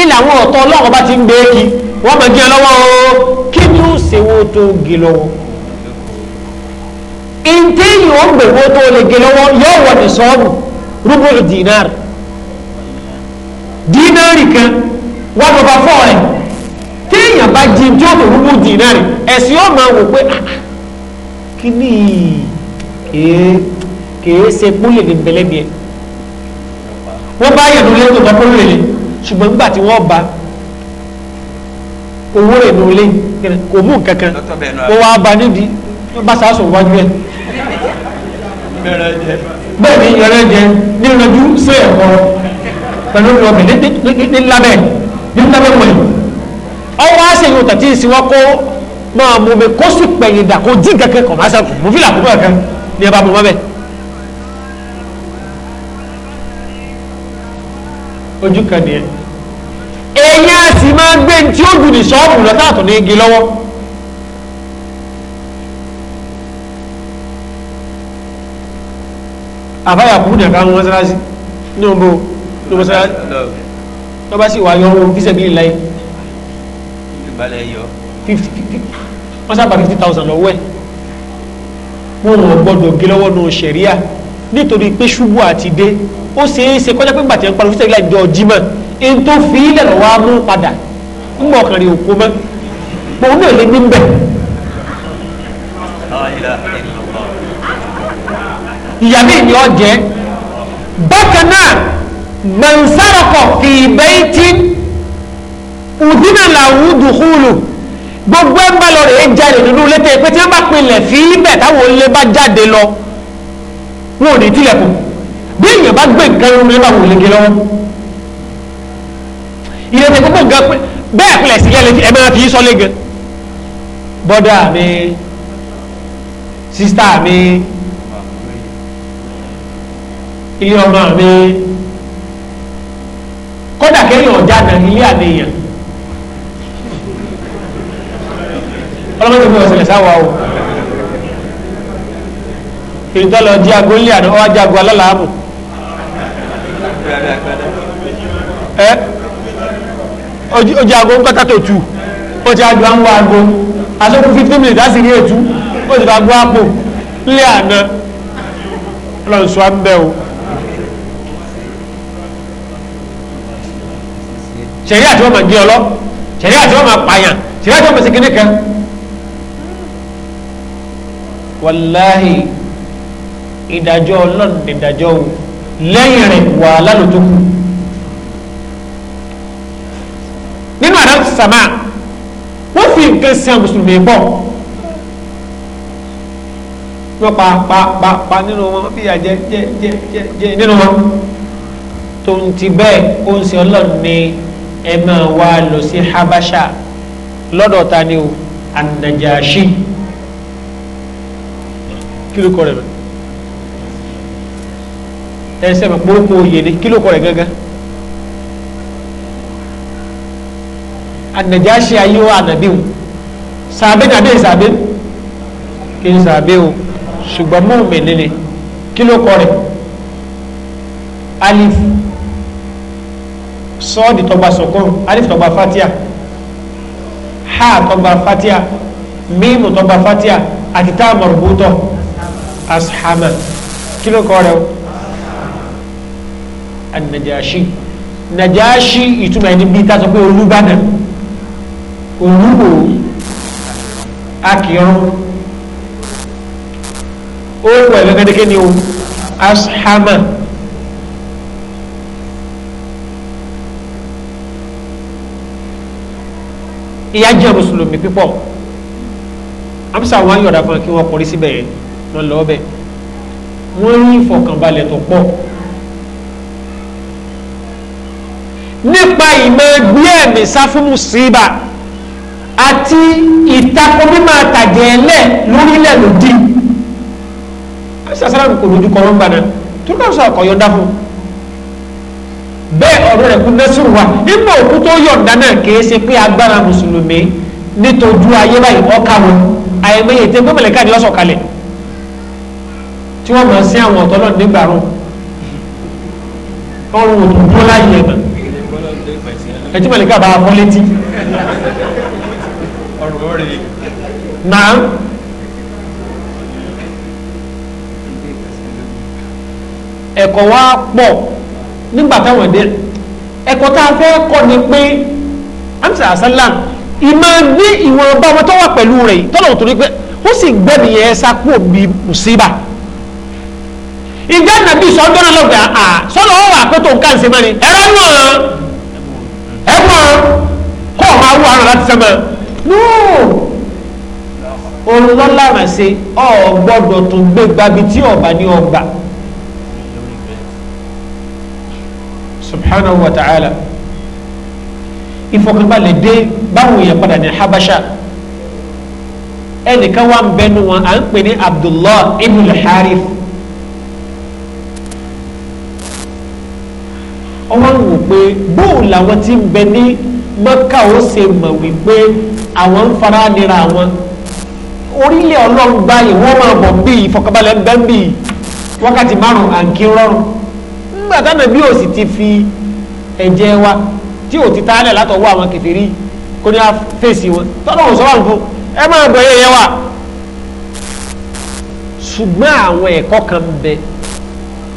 ilẹ̀ àwọn ọ̀tọ̀ ọlọ́run bá ti ń gbé kí wọ́n mọ̀ gé lọ́wọ́ o kí ni ó ṣe wo tó gé lọ́wọ́ ìntẹ́yìn ó gbèwó tó lè gé lọ́wọ́ yóò wọ̀ ní sọ́ọ̀bù rúbù dínárì dínárì kan one over four ẹ̀ téèyàn bá jí tí ó tó rúgbù dínárì ẹ̀sìn ó máa wò pé ah, ah, kí ni kèé ṣe pólè ní bẹ̀lẹ́bí ẹ̀ wọ́n bá yẹ̀dùn lẹ́tọ̀ tó pólè lè ṣùgbọ́n nígbà tí wọ́n bá owó rẹ̀ nù lé kò mú kankan ó wá ba níbi wọ́n bá sàásùn wájú ẹ̀ bẹ́ẹ̀ ni ẹ̀rẹ́ jẹ ní ìrànjú sí ẹ̀kọ́ pẹ̀lú ìrọ̀bì nílábẹ̀ nílábẹ̀ wọ̀nyí ọwọ́ àṣẹ yóò tàtí ìsìnwọ́ kó máa mú mi kó sì pẹ̀yìn dà kó dín kankan kọ̀ máa sàkùn mú fìlà púpọ̀ kan ní ẹbá mú mọ́ bẹ́ẹ̀. ojú kan nìyẹn èyí á sì máa gbé ní tí ó dùn ní sọ́ọ̀bù lọ́tà ní igi lọ́wọ́. àbáyà kúrú nìkan ní ọ̀bọ̀ ló bá sara ló bá sì wà yọ owó fíṣẹ̀ bíi láyé wọ́n sábà fifty thousand lọ́wọ́ ẹ̀ wọ́n wọ́n gbọ́dọ̀ gé lọ́wọ́ nù sẹ̀ríà nítorí pé ṣubú àti dé ó ṣeé ṣe kọ́jà pé gbàtẹ́ ń parí fíṣẹ̀ láì jọ jimá ẹni tó fi ilẹ̀ lọ́wọ́ á mú padà ń bọ̀ kàn rí òkú mọ́ òun náà lè ní bẹ́ẹ̀ ìyàmí ni ọ jẹ bákan náà man saraka fi baytin udina lahu dukhulu gbogbo ẹ̀ ń bá lọ rèé jáde nínú ilé tẹ́ pé tí wọ́n bá pinlẹ̀ fi ibẹ̀ táwọn olè bá jáde lọ wọn ò ní tilẹ̀kùn bí èèyàn bá gbé nǹkan irun nípa wò lége lọ́wọ́ ilé tẹ́ gbogbo nǹkan bẹ́ẹ̀ pinlẹ̀ sí yẹn ẹ máa fi sọ lége bọ́dà mi sísítà mi ilé ọmọ mi kódà kẹ́yìn ọ̀já nà ilé àníyàn ọlọ́mọdé fún ọ̀sẹ̀lẹ̀ sáwà o ìtọ́lọ̀ jí aago ilé àná wá jágo alálàámù ẹ ojú aago ń kọ́tà tó tu ó ti aago àwọn aago asọ́kù fifteen minutes láti rí ètú ó ti fa gbọ́ àpò ilé àná ọlọ́run sọ á ń bẹ́ o. sẹ̀rí àti wọn máa gbé ọ lọ sẹ̀rí àti wọn máa pààyàn sẹ̀rí àti wọn máa segin nìkan. wàláhì ìdájọ́ ọlọ́run ìdájọ́ o lẹ́yìn rẹ̀ wàhálà ló tó kù. nínú àdá sàmà wọ́n fi nǹkan sí àwọn mùsùlùmí bọ̀ wọ́n pa pa pa pa nínú wọn fi yà jẹ jẹ jẹ jẹ nínú wọn tó ti bẹ́ẹ̀ ó ń sin ọlọ́run ní ẹ máa wá lọ sí habasha lọ́dọ̀ ta ni o anajashi kí ló kọ rẹ̀ mọ́ ẹsẹ̀ mọ̀ pé ó yé ni kí ló kọ rẹ̀ gángan anajashi ayé wa anabi o sàbẹ̀ nàbẹ̀ sàbẹ̀ kí n sàbẹ̀ o ṣùgbọ́n mọ́ọ̀mẹ́ nílẹ̀ kí ló alif sọ́ọ̀dì tọgbà sọ̀kan alif tọgbà fatia ha tọgbà fatia mímu tọgbà fatia àti tá a mọ̀rọ̀ bútọ̀ ashama kí ló kọ́ rẹ̀ o anajashi najashi ìtumọ̀ ẹni bíi tá sọ pé olúbàdàn olúwo akìrún ó wẹ̀ gẹ́gẹ́ ni o ashama. ìyá jẹ́ mùsùlùmí pípọ̀ amsa wọn yọ̀dà fún kí wọ́n kọrí síbẹ̀ yẹn lọ́n lọ́ọ́ bẹ̀ wọ́n ní ìfọ̀kànbalẹ̀ tó pọ̀ nípa ìmọ̀ gbé ẹ̀mí sáfúnmù síbà àti ìtakò mímọ̀ àtàjẹ̀ ẹ̀lẹ́ lórílẹ̀ lòdì amsa sálámù kò lójú kọ́ wọn gbàdán tó náà sọ ọkọ̀ yọ̀dá fún un bẹ́ẹ̀ ọ̀rọ̀ rẹ̀ kún nẹ́sùrù wa nínú òkú tó yọ̀ǹda náà kìí ṣe pé agbára mùsùlùmí nítojú ayé báyìí ọkà wọn àyẹ̀mẹ́ ètè gbọ́mọ̀lẹ́ká ni wọ́n sọ̀kalẹ̀ tí wọ́n máa ń sí àwọn ọ̀tọ́ náà nígbàrún ọrùn òtútù láyé ẹ̀mà ẹ̀tí mọ̀lẹ́ká bá fún létí náà ẹ̀kọ́ wa pọ̀ nígbà táwọn dé ẹ̀kọ́ tá a fẹ́ kọ́ ni pé amsa asalam ìmọ̀ ní ìwọ̀n bá wọn tọ́wọ́ pẹ̀lú rẹ̀ tọ́lọ̀ tó ní pé ó sì gbẹ́ni yẹn sá kú òbí mùsíbà ìgbà nàbí sọ́dọ́nà lọ́gbà à sọ́dọ̀ ọ̀wà àpótò nǹkan ṣe mọ́ni ẹ̀rọ nù ọ́n ẹ̀mọ́ kọ́ ọ̀ máa wú àrùn láti sẹ́mọ́ nóò òun lọ́lá mà ṣe ọ̀ gbọ́dọ̀ tó gbé gbabi tí ọ̀bà ní ọgbà. subhanahu wa ta'ala ìfọkànbalẹ̀ dé báwo yẹn padà ní habasha ẹnìkan wà ń bẹnu wọn à ń pè ní abdullah ibn al-harith ọwọ́ ń wò pé bóun làwọn ti ń bẹ ní mọ́kà ó ṣe mọ̀ wípé àwọn fara nira àwọn orílẹ̀ ọlọ́run gbáyé wọ́n máa bọ̀ bí ìfọkànbalẹ̀ ń bẹ́ ń bí wákàtí márùn-ún à ń kí rọrùn nígbà táwọn ẹbí ò sì ti fi ẹ̀jẹ̀ wa tí ò ti tálẹ̀ látọwọ́ àwọn kèfèrí kó ní a fèsì wọn tọ́lọ́ wọn sọ́wọ́n fún ẹ máa bọ̀ yẹn wa ṣùgbọ́n àwọn ẹ̀kọ́ kan bẹ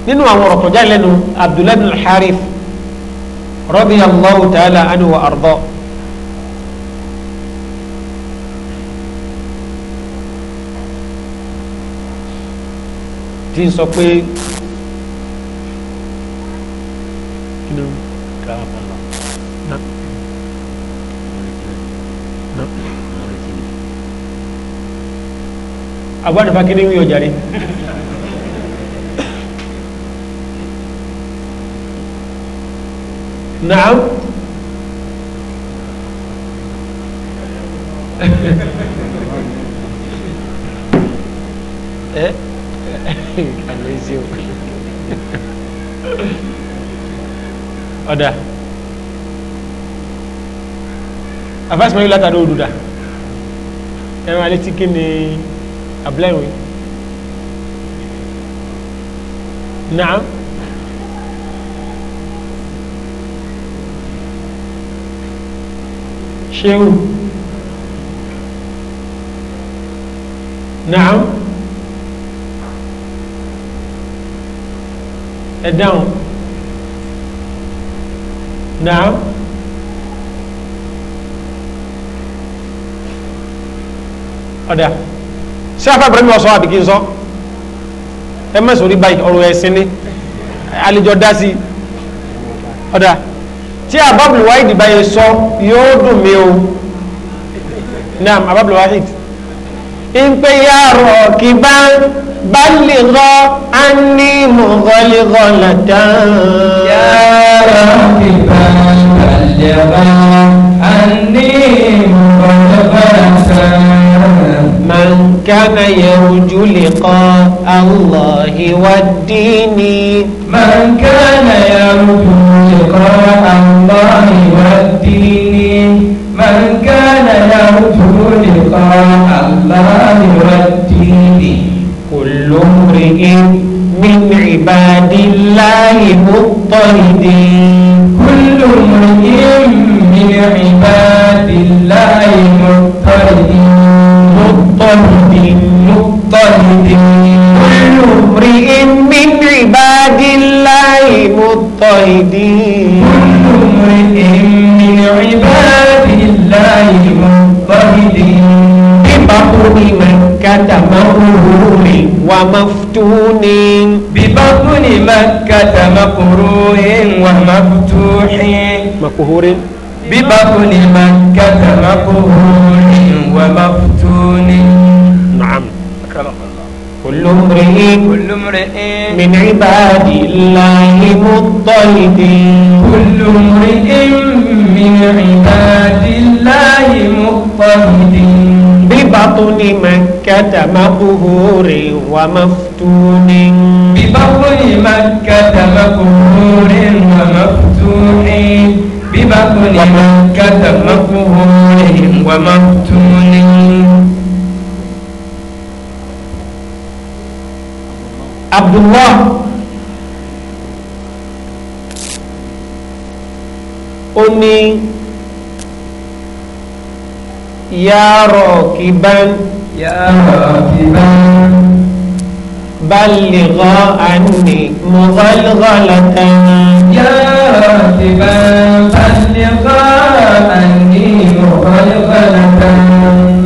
nínú àwọn ọ̀rọ̀ tọ́jà lẹ́nu Abdullahi bin Al-Harith radiyallahu ta'ala anhu wa arda tí sọ pé. agbádùn fákíní wí ọjà rẹ naam eh? ẹ kàlẹ́sì o ọ̀dà àfáàsì mọ́ yóò látàdó òdùdà ẹ̀rọ alẹ́ tí kí ni abúlẹ́wìn náà ṣéwù náà ẹ̀dáhùn náà. Ada ṣé afá ibrahim ọ̀sọ́ àbíkí sọ ẹ mẹ́sàn orí báyìí ọ̀rọ̀ ẹ̀sìn ni àlejò dá sí ọ̀dà tí abábùlù wáìdì báyìí sọ yóò dùn mí o naam abábùlù wáìdì ìpè ya rọ̀ kí bá bá lè rọ á ní mọ̀gọ́lẹ́gọ́ làdán. ya rọ̀ kí bá من كان يرجو لقاء الله والدين من كان يرجو لقاء الله والدين من كان يرجو لقاء الله والدين كل امرئ من عباد الله مضطهد كل امرئ من عباد مضطهد مضطهد كل امرئ من عباد الله مضطهد كل امرئ من عباد الله مضطهد ببطن مكة مغرور ومفتون ببطن مكة مقرور ومفتوح مقهور ببطن مكة مقهور ومفتون نعم كل امرئ كل امرئ من عباد الله مضطهد كل امرئ من عباد الله مضطهد ببطن مكة مقهور ومفتون ببطن مكة مقهور ومفتون ببطن مكة مقهور ومفتون عبد الله أني يا راكبا يا راكبا بلغ عني مغلغلة يا راكبا بلغ عني مغلغلة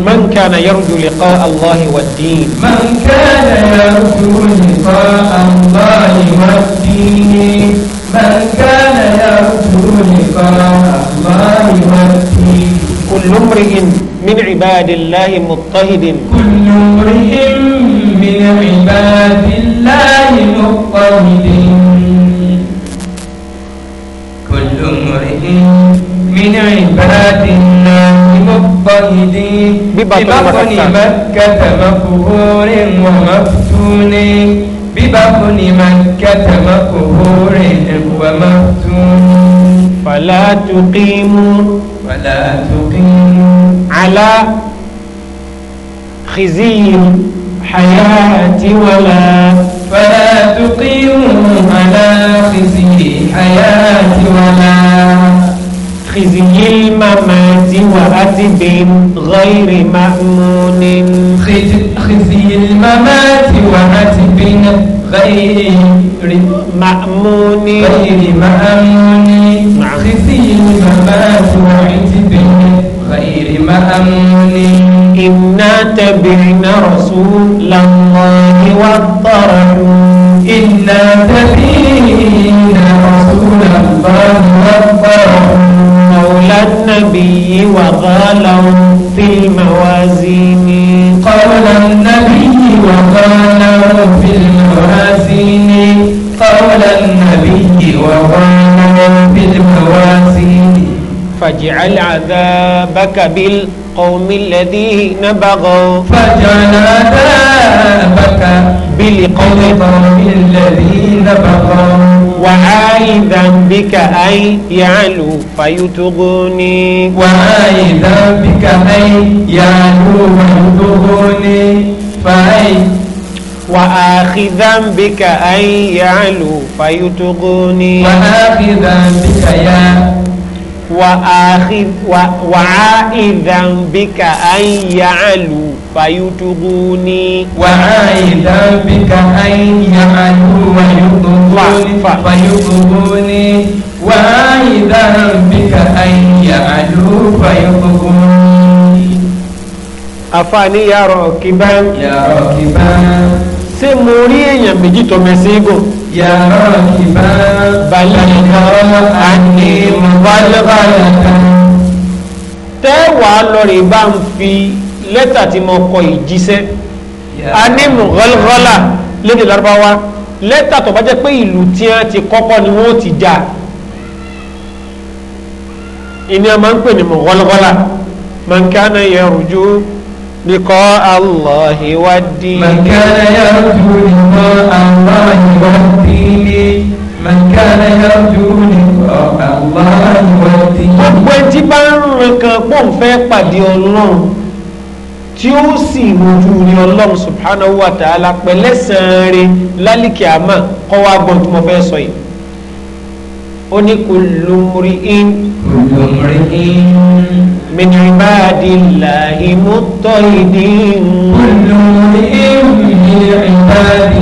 من كان يرجو لقاء الله والدين من كان يرجو لقاء الله والدين من كان يرجو لقاء الله والدين كل امرئ من عباد الله مضطهد كل امرئ من عباد الله مضطهد كل امرئ من عباد الله مضطهدين ببطن مكة مقهور ومفتون ببطن مكة مقهور ومفتون فلا تقيموا فلا تقيموا على خزي الحياة ولا فلا تقيموا على خزي الحياة ولا خزي الممات وأتب غير مأمون خزي الممات وأتب غير مأمون غير مأمون نعم. خزي الممات وأتب غير مأمون إنا تبعنا رسول الله واتطرحوا فاجعل عذابك بالقوم الذين بغوا فاجعل عذابك بالقوم الذين بغوا وعايذا بك أن يعلو فيتغني وعايذا بك أن يعلو فيتغني فأي وآخذا بك أن يعلو فيتغني وآخذا بك يا wàáìdàmbíkà àyàlù fàyútùbù ní. wàáìdàmbíkà àyàlù fàyútùbù ní. wàáìdàmbíkà àyàlù fàyútùbù ní. àfààní yàrá ọ̀kíbá. yàrá ọ̀kíbá. ṣé mo rí èèyàn méjì tó mẹ́sìn gùn. يا راكبا بلغ عني مبلغة tẹ́wàá lọ́rẹ̀ bá ń fi lẹ́tà tí mo kọ ìjíṣẹ́ a ní mughalghala lédè lárúbáwá lẹ́tà tó bá jẹ́ pé ìlú tí wọ́n ti kọ́kọ́ ni wọ́n ti já ìní a máa ń pè ní mughalghala man kana لقاء الله والدين من كان يرجو لقاء الله والدين من كان يرجو لقاء الله والدين gbogbo ẹtí bá ń rìn kan pọ̀ ń fẹ́ pàdé ọlọ́run tí ó sì rojú ní ọlọ́run subhanahu wa ta'ala pẹ̀lẹ́sàn-án rẹ̀ lálìkí àmà kọ́ wa gbọ́n tí mo fẹ́ sọ yìí ó ní kullu mri'in kullu mri'in من عباد الله مضطهدين كل من عباد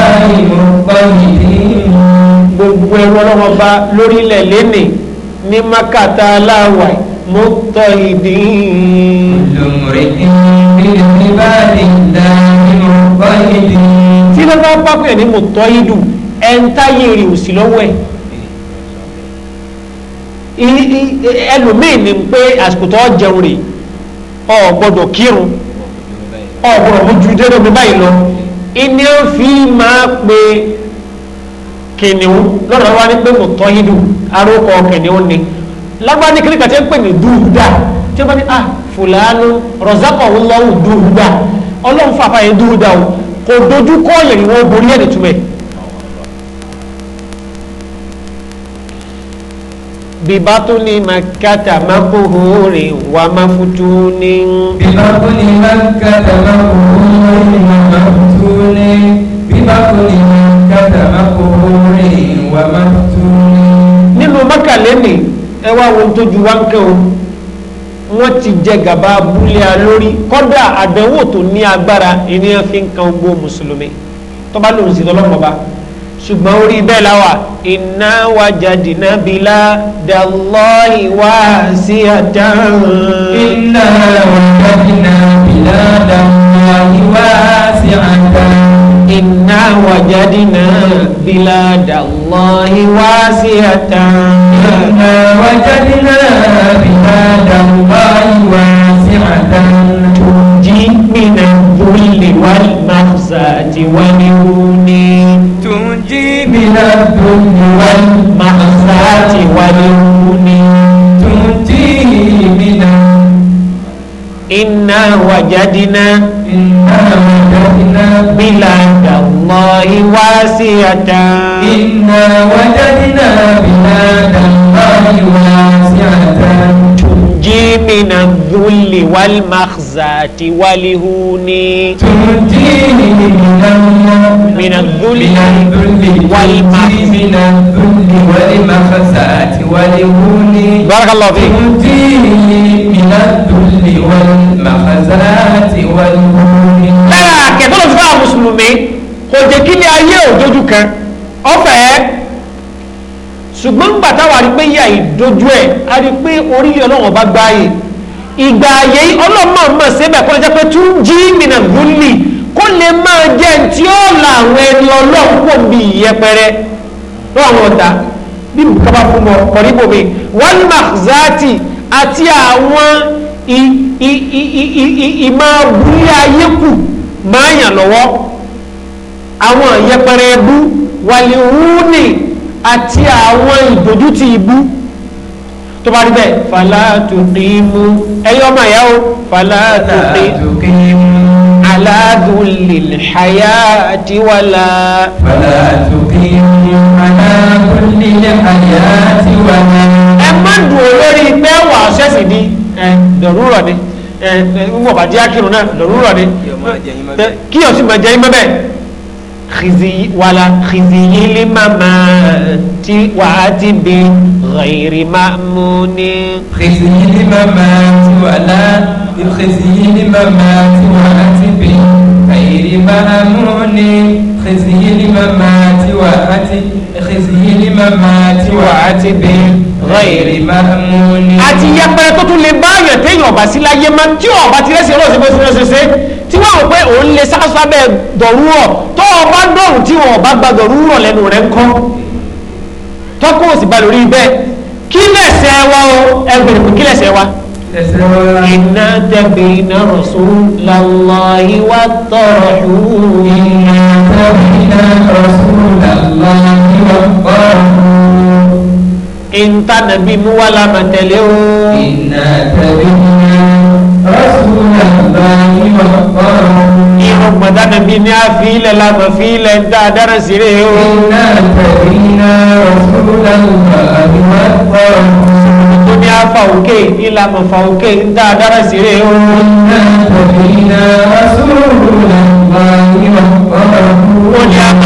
الله مضطهدين gbogbo ẹrú ọlọ́wọ́ bá lórílẹ̀ lẹ́nì ní makata aláwà mutahidin. tí ló bá pápẹ́ ní mutahidin ẹ̀ ń táyé rè òsì lọ́wọ́ ẹ̀ ẹlòmíì ni pé àsìkò tó jẹun rè ọ gbọ́dọ̀ kírun ọ gbọ́dọ̀ mójú dédé omi báyìí lọ ìní ó fi máa pe kìnìún lọ́dọ̀ wá ní pé mo tọ́ yín dùn arókọ kìnìún ni lágbá ní kíríkà tí ń pè ní dúdà tí wọ́n bá ní ah fùlàánú rọ̀zákọ̀ ń lọ́wọ́ dúdà ọlọ́run fàfà yẹn dúdà o kò dojú kọ́ ọ̀yẹ̀ ìwọ̀n borí ẹ̀ nìtúmẹ̀ bibatuni makata makuhuri wa mafutuni. bibatuni makata makuhuri wa mafutuni. bibatuni makata makuhuri wa mafutuni. nínú mọ́kàlẹ́ ni ẹ wá wo tó ju wáńkẹ́ o wọ́n ti jẹ gàba abúlé a lórí kọ́dà àdánwò tó ní agbára ènìyàn fi ń kan gbó mùsùlùmí tọ́ba lòun sì lọ́lọ́mọba. ṣùgbọ́n belawa, Inna láwà wajadina bila dallahi wasi'atan. iná wajadina bila dallahi wasi'atan. iná wajadina bila dallahi wasi'atan. iná wajadina bila dallahi wasi'atan. tòjí minal dhulli wal makhzati wal yuni. تنجي من الذل والمأساة والهون تنجيه من إنا وجدنا إنا وجدنا بلاد الله واسعة إنا وجدنا بلاد الله واسعة تنجي من الذل والمخزات والهون تنجيني من الذل والمخزات والهون بارك الله فيك تنجيني من الذل والمخزات والهون لا لا كيف تقول مسلمين kò jẹ́ kí ni ayé òdodo kan ṣùgbọ́n gbà táwa rí pé yà yìí dojú ẹ̀ a rí pé orí ọlọ́wọ́n bá gbá yìí ìgbà ayé ọlọ́mọọmọ sẹ́bẹ̀ kọ́ jẹ́ pé tún jí mìíràn gúnlì kó lè máa jẹ́ tí ó là àwọn ẹni ọlọ́run pò bí ìyẹpẹrẹ lọ́wọ́n ọ̀dà bí nǹkan bá fún mọ́ pọ̀rípò mi wal makhzati àti àwọn ìmọ̀ abúlé ayé kù máa yàn lọ́wọ́ àwọn ìyẹpẹrẹ ẹbú wàlíwúni àti àwọn ìdójútì ibú tó bá rí bẹ́ẹ̀ fàlà tuqimu ẹ̀yọ́ ọmọ ìyá o fàlà tuqimu aládùlil hayati wala. fàlà tuqimu aládùlil hayati wala. ẹ má dùn olórí mẹ́wàá ṣẹ́sì ni dọ̀rúrọ̀ ni wọ́n bá jẹ́ akírun náà dọ̀rúrọ̀ ni kí ọ̀sìn máa jẹ́ yín bẹ́ẹ̀ khizi wala khizi li mama ti waati bi ghayri mamuni. khizi li mama ti wala khizi li mama ti waati bi ghayri mamuni. khizi li mama ti waati khizi li mama ti waati bi ghayri mamuni. àti yẹpẹrẹ tó tún lè bá yẹn téèyàn ọba sí láyé máa tí ọba tirẹ̀ sí ọlọ́sẹ̀ bó ti rẹ̀ ṣe tí wọ́n rò pé òun lè sáfábẹ́ dọ̀rúrọ̀ tó o bá dọ̀rùn tí wọn ò bá gba dọ̀rúrọ̀ lẹ́nu rẹ̀ ń kọ́ tọ́kùn òsì bá lórí bẹ́ẹ̀ kí lẹ̀sẹ̀ wa o ẹgbẹ̀rẹ̀ pé kí lẹ̀sẹ̀ wa. iná tẹ̀bí iná Rasulullahi wá tọrọ ṣùgbọ́n. iná tẹ̀bí iná Rasulullahi wá tọrọ ṣùgbọ́n. ìntànàbí mú wà o. iná tẹ̀bí iná. Irun gbọ̀dádà bíi ní àfihìlẹ̀ lábọ̀ fílẹ̀ dá dára sí rẹ̀ o. Tó ní àfà òkè ní làmọ̀ fà òkè dá dára sí rẹ̀ o. Ó ní àmà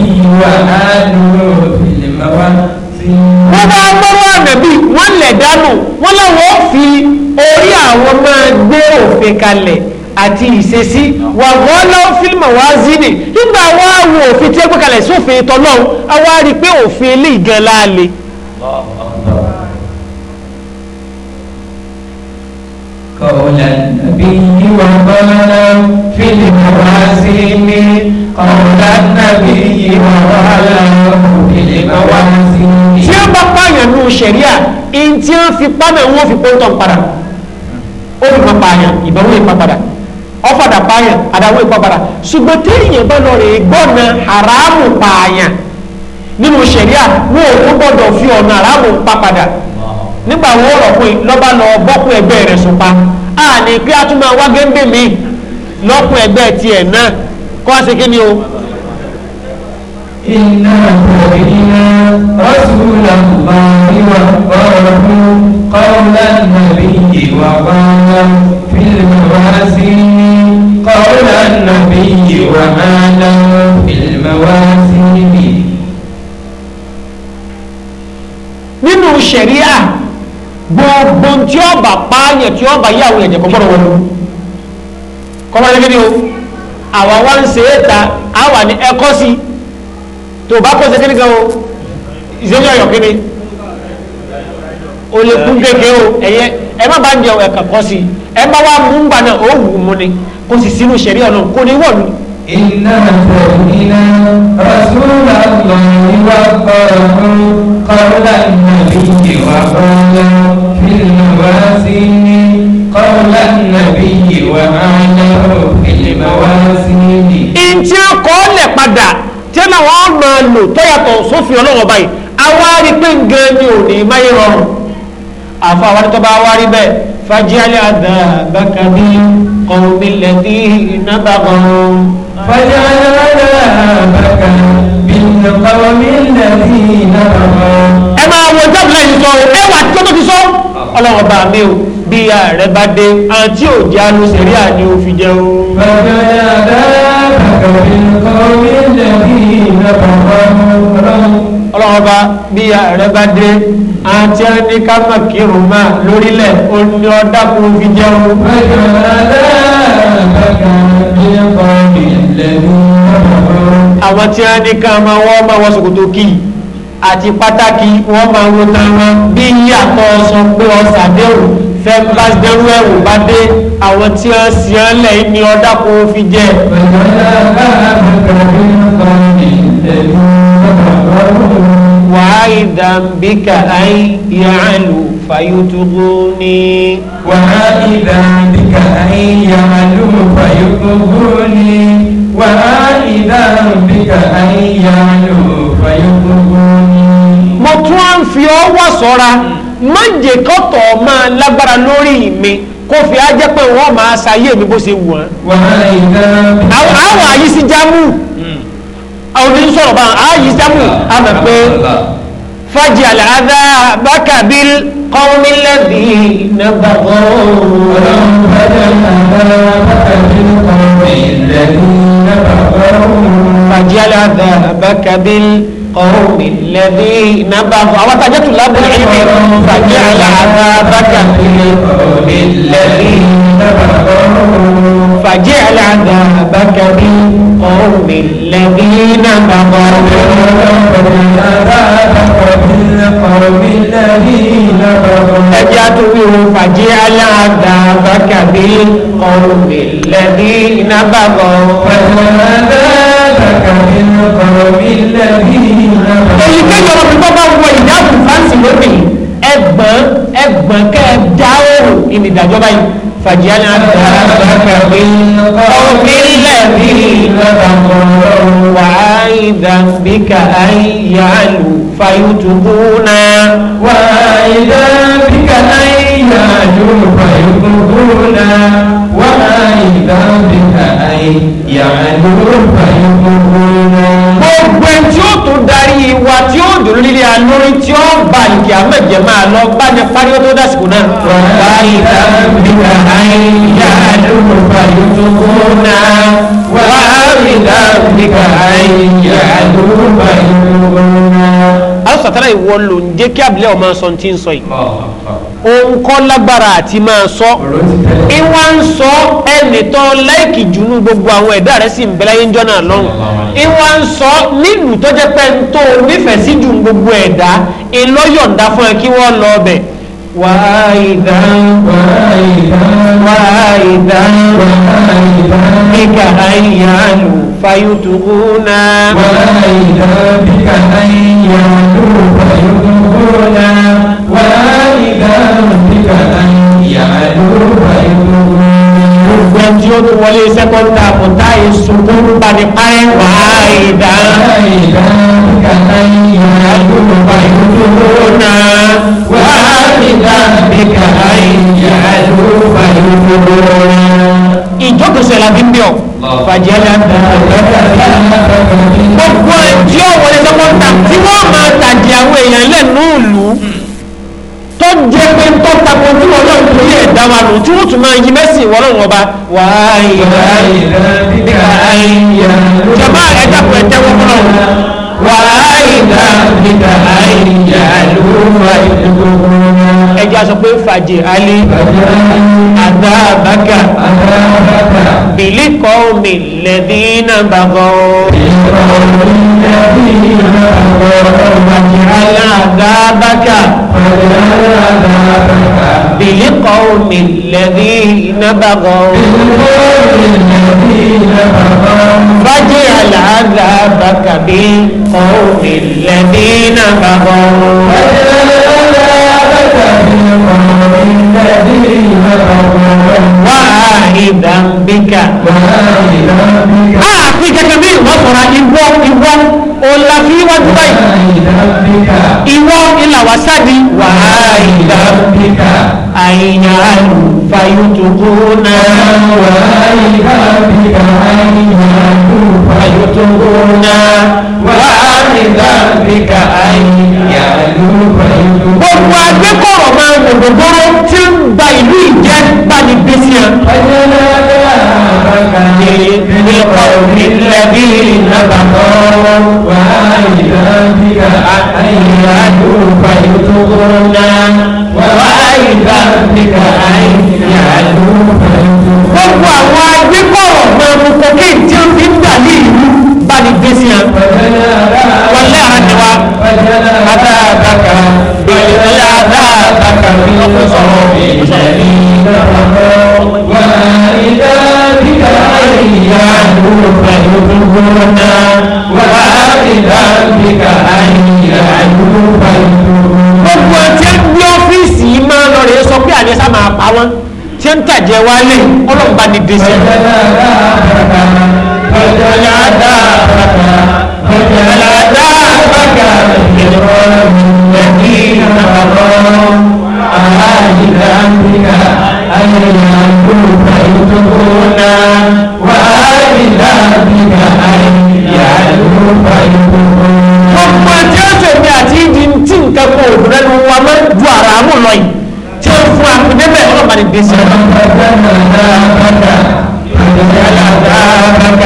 wọ́n bá gbọ́rọ̀ ànàbí wọ́n lẹ̀ dánù wọ́n láwọn ó fi orí àwọn máa gbé òfin kalẹ̀ àti ìṣesí wà gọ́ọ́lọ́ fílmù wá zini nígbà wá wo òfin tí ó gbé kalẹ̀ sófin tọ́lọ́hún a wá rí i pé òfin ilé ìgan láàlè. قول النبي وقال في الموازين قول النبي وعلى بالموازين tí ó bá pààyàn nù sẹ̀ríà in tí ó fi pánà wọ́n fi pọ́ńtọ̀ padà ó fi máa pààyàn ìbáwọ́ ìpa padà ọ̀fadà pààyàn àdáwọ́ ìpa padà ṣùgbọ́n téèyàn bá lọ rè é gbọ́nà haramu pààyàn nínú sẹ̀ríà wọ́n ò tó gbọ́dọ̀ fi ọ̀nà haramu pa padà nígbà wọ́n rọ̀ lọ́ba lọ bọ́kùn ẹgbẹ́ rẹ̀ sùn pa àní pé a tún máa wá gẹ́ńbẹ́ mi lọ́kùn ẹgbẹ́ tiẹ̀ náà kọ́ àti kí ni o. iná ìrìnà ọ̀ṣunlá ìwà ọ̀rọ̀ kọ́ọ̀lá nàbí ìwà wàhálà fílmù wáṣí kọ́ọ̀lá nàbí ìwà wàhálà fílmù wáṣí. nínú ṣẹ̀ríà gbogbo tí ọba pààyàn tí ọba yàwó ẹ̀jẹ̀ kọ́ gbọ́dọ̀ wọlé kọ́ bá lẹ́gbẹ́ ni o àwa wá ń ṣe é ta àwa ní ẹkọ́ sí tó bá kó sẹ́kẹ́ nìkan o ìṣẹ́jú ọ̀yọ̀ kí ni o lè kún kéke o ẹ̀yẹ ẹ má bá ń jẹun ẹ̀kà kọ́ sí ẹ má wá mú gbà náà ó wù mú ni kó sì sínú ìṣẹ̀rí ọ̀nà kó ní wọ̀lú. iná ìfẹ̀yìnà rasúlà lọ́yìn wá bọ̀rọ̀ fún kọ́lá ìmọ̀ ìdíje wá bọ́lá fílùmọ́ sí ní. قول النبي ومعناه في الموازين إن تقول لك بدا tẹ́nà wọ́n máa lò tọ́yàtọ̀ sófin ọlọ́wọ́ báyìí awárí pé gan ni ò ní máyé rọrùn àfọ àwọn tó bá wárí bẹ́ẹ̀ fàjíálẹ̀ àdá bákàbí kọ̀ọ̀mí lẹ́dí iná bá gbọ́n. fàjíálẹ̀ àdá bákàbí kọ̀ọ̀mí lẹ́dí wo jábìlẹ̀ yìí sọ ẹ wà tó tó ti sọ ọlọ́wọ́ bá mi o bí i ààrẹ bá dé àti òjì alóṣèrí àní ó fi jẹun. bàbá àdáyà bàbá ìkọ́ orílẹ̀ bí ìlàbàbà ọlọ́run. ọlọ́run bá bí i ààrẹ bá dé àti ẹni ká mọ̀ kírun máa lórílẹ̀ ó ní ọ̀dà kó fi jẹun. bàbá àdáyà bàbá ìkọ́ orílẹ̀ bí àwọn tí wọ́n ní ká máa wọ́n máa wọ́n ṣòkòtò kì í àti pátákì wọ́n máa ń tán wọn bí yíyàtọ̀ sọ pé ọ̀sà dẹ́rù fẹ́ bá dẹrú ẹ̀wù bá dé àwọn tí wọ́n sì ń lẹ̀ ní ọ̀dà kó fi jẹ́. wàá ìdàmbíkà àì yàálù fàyótógó ní. wàá ìdàmbíkà àì yàálù fàyótógó ní. wàá ìdàmbíkà àì yàálù fàyótógó ní. mo tún á ń fi ọwọ́ sọ́ra. Mm mọ̀jẹ̀ kọ́tọ̀ máa lágbára lórí mi kó fi á jẹ́ pé wọ́n máa ṣayé mi bó ṣe wù wọ́n. àwọn àwọn àyè sí jámù àwọn oníṣẹ́ sọ̀rọ̀ bá àyè sí jámù àmọ̀ pé fàjì àlàáfà bákàbí قوم الذين بغوا فاجعل عذابك بالقوم قوم الذين بغوا أو تجت لهم العلم فجعل عذابك للقوم الذين بغوا فجعل عذابك للقوم الذين بغوا فجعل فجعل عذابك بالقوم الذين بغوا فجعل عذابك èyíkéyìí ọmọ tó bá wọ ìdáàbò fáǹsì lónìí ẹgbọ̀n ẹgbọ̀n kẹ́ ẹ dá òòrùn ìnìdàjọ́ báyìí fàjíálẹ̀ وعائدا بك أن يعلو فيتقونا وعائدا بك أن إنا يوفيقظون وما إذا بها يعدون فيقظون gbogbo tí ó tún darí wa tí ó dùn lílé alórí tí ó bá ìkẹ́ àmẹ́jẹ máa lọ bá ní fáríwó tó dásìkò náà. wàá ìta bíra àìyá àdúgbò báyìí tó kó náà. wàá ìta bíra àìyá àdúgbò báyìí tó kó náà àwòsàtàlà ìwọ ló ń jẹ́ kí abilẹ̀ ọmọ sọ ti ń sọ yìí òun kọ́ lágbára àti máa sọ ìwà ń sọ ẹnìtàn láìkì jùnú gbogbo àwọn ẹ̀dá rẹ̀ sì ń bẹ láyé jọ́nà lọ́hùn ìwà ń sọ nílùú tó jẹ́ pé ń tó nífẹ̀ẹ́ sí jù gbogbo ẹ̀dá ìlọ́yọ̀ǹda fún ẹ kí wọ́n lọ ọbẹ̀ wàáìdá wàáìdá wàáìdá bíkà àyàn فيتقون ولا إلى بك أن يعدوا فيتقون ولا إلى بك أن يعدوا فيتقون gbogbo tí ó tún wọlé sẹ́kọ́ńdà kò tá ìsunkún nípa wà á ìdá. ìdá kàtà ìyá yorùbá ìdúró náà wà á ìdá kàtà ìyá yorùbá ìdúró náà ìjókòsẹ̀ la fi ń bíọ̀ fàjẹ́ la ń bẹ̀rẹ̀ gbogbo ẹjọ́ wọlé sọ́kọ́ta tí wọ́n máa tàjì àwọn èèyàn lẹ́nu ìlú tó jẹ́ pé ń tọ́ tako tí wọ́n náà ń torí ẹ̀dá wa lò tí wọ́n tún máa yí mẹ́sìn ìwọ́n náà wọ́n bá wà á ìyá ìyá ìyá jàmbá ẹ̀dá kò ẹ̀dá wọ́n kọ́ náà wà á ìdá ìdá ìyá ìlú wa ìdúgbò ẹ̀jẹ̀ a sọ pé fàjẹ́ alẹ́ fàjẹ́ alẹ́ bìlíkọ́ omi lẹ́dínà bàbá o. aláàdábàkà. bìlíkọ́ omi lẹ́dínà bàbá o. fájì aláàdábàkà bí kọ́ omi lẹ́dínà bàbá o wàhídà bíkà. àfi kẹkẹ bí ìwọ sọra ìwọ ìwọ ọ̀la fi wájú báyìí. ìwọ ìlà wàsádi. wàhídà bíkà. àyìnyà fayotoko náà. wàhídà bíkà àyìnyà fayotoko náà gbogbo agbẹ́kọ̀rọ̀ máa ń gbogbogbòrò tí ń ba ìlú ìjẹ́ bani gbèsè hàn. nípa òní lẹ́bí nàbàtọ̀ wà ìdánbíkà àyà lópa ìdókòrònà wà ìdánbíkà àyà lópa ìdókòrònà. gbogbo àwọn agbẹ́kọ̀rọ̀ máa ń gbogbo kéèké tí ń gbà ní ìlú besiya wale arakewa adabaka bali adabaka ọfọsọrọ ìjẹni dàbọ wà ìdábíkà ìyá ìwòfà ìwòfà wà ìdábíkà ìyá ìwòfà ìwòfà. gbogbo ọtí ẹ gbé ọ́fíìsì yìí máa lọ rèé sọ pé àdéṣà máa pa wọn tí ẹ ń tàjẹ wálé ọlọ́run bá ní dèsè ìgbésẹ̀. عذابك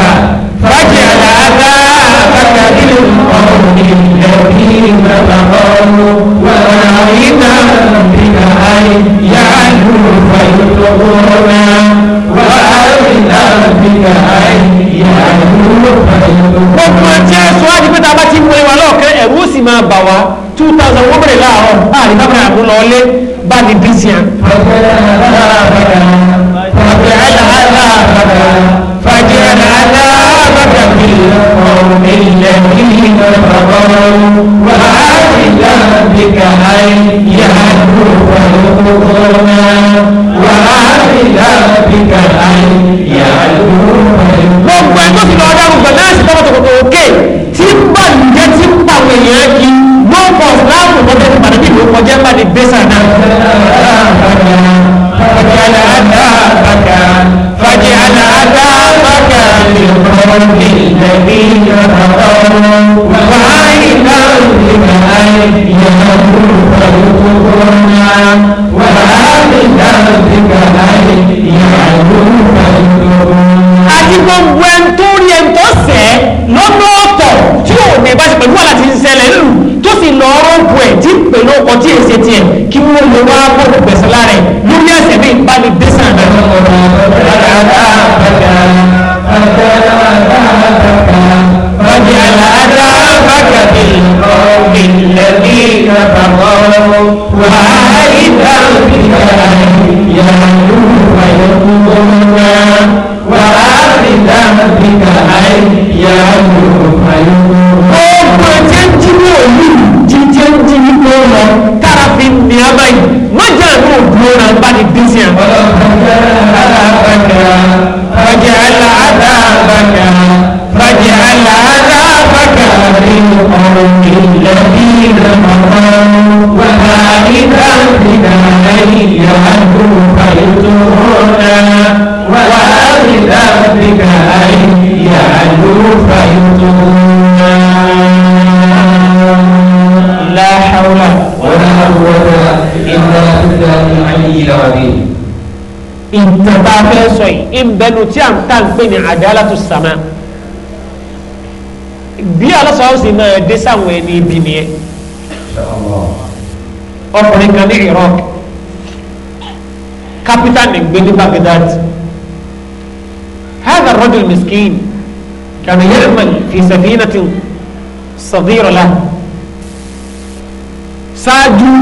فاجعل عذابك بالقوم الذين كفروا وعلينا بك يعلو فيطغون وعلينا بك يعلو فيطغون gbogbo ẹtí ẹ sọ wájú pé tá a bá ti ń wọlé wa lọ́ọ̀kẹ́ ẹ̀rú sì máa bà wá two thousand wọ́n bẹ̀rẹ̀ láàárọ̀ àríkàbẹ̀rẹ̀ àbúlọ̀ọ́lé bá ní bísíà. ọ̀gbẹ́ni aláàbẹ̀rẹ̀ فاجعل عذابك فاجعل عذابك في القوم الذين كفروا وعافنا بك أن يهدوا ويقضونا وعافنا بك أن يهدوا gbogbo ẹ tó ti lọ ọdá gbogbo náà sí tọkọtọkọtọ òkè tí ń bà tí pàwọn èèyàn kí ló ń kọ láàbù lọdẹ ìpàdé kọjá bá ní bẹsà náà. القوم الذين كفروا وعيدا بما يكفرون وعيدا بما يكفرون àti gbogbo ẹni tó rí ẹni tó ṣẹ̀ lọ́nà ọ̀tọ̀ tí ò ní bá ṣe pẹ̀lú àlàtí ìṣẹ̀lẹ̀ lù tó sì lọ بالذين كفروا وإذا الجبال يهدون ويقولون وإذا الجبال يهدون ويقولون ọgbọ̀n tí ń jí ní òní jíjẹ́ ń jí nípa ọ̀nà káàfin ní abáyé wọ́n jẹ́ àánú òdúró náà bá ní bísí ẹ̀. ọlọ́pàá alábàkà ọjà alábàkà ọjà لهم للذين كفروا وذلك بذلك أنه فيطهرنا وذلك بذلك أنه فيطهرنا لا حول ولا قوة إلا بالله العلي العظيم ìtẹ̀bá fẹ́ sọ yìí ń bẹnu tí à ń tà ń pè ní àdálàtú sàmá wa ó sì máa dé sáwọn ẹni ibi nìyẹn ọkùnrin kan ní Iraq capital ní gbé ní Baghdad هذا الرجل مسكين كان يعمل في سفينة صغيرة له ṣáájú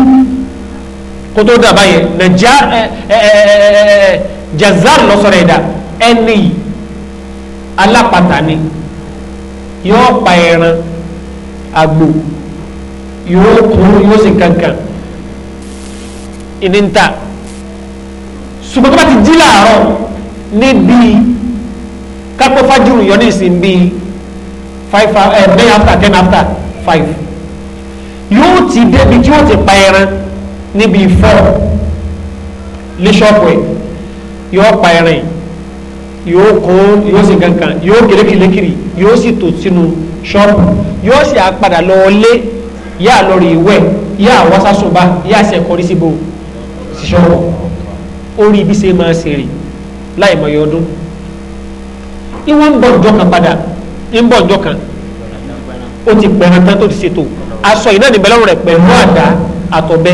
kótó dàbá yẹ nàjà jazar lọsọrọ ẹ̀dá ẹni alápàtà ni yóò pa ẹran àgbò yóò kún yóò sì kankan ìní ń ta ṣùgbọ́n tó bá ti jí làárọ̀ níbi kápẹ́ fájúrù yọ ní ìsìn bíi five ẹ eh, bẹ́ẹ̀ after ten after five yóò ti débi tí yóò ti pa ẹran níbi four lé ṣọ́ọ̀pù ẹ̀ yóò pa ẹran yìí yóò kún yóò sì kankan yóò kérékìlékìrì yóò sì tò sínú. Si ṣọ́ọ̀bù yóò sì àpadà lọ lé yá lórí ìwẹ̀ yá wọ́sásùbà yá sì ẹ̀kọ́rí síbo sí ṣọ́ọ̀bù orí ibi ṣe máa ṣe rè láì mọ̀ yọdún ìwọ́n ń bọ̀ ọjọ́ kan padà ń bọ̀ ọjọ́ kan ó ti pẹ̀rẹ̀ tán tó ti ṣètò aṣọ ìná níbẹ̀lẹ́wọ̀n rẹ̀ pẹ̀lú àdá àtọ̀bẹ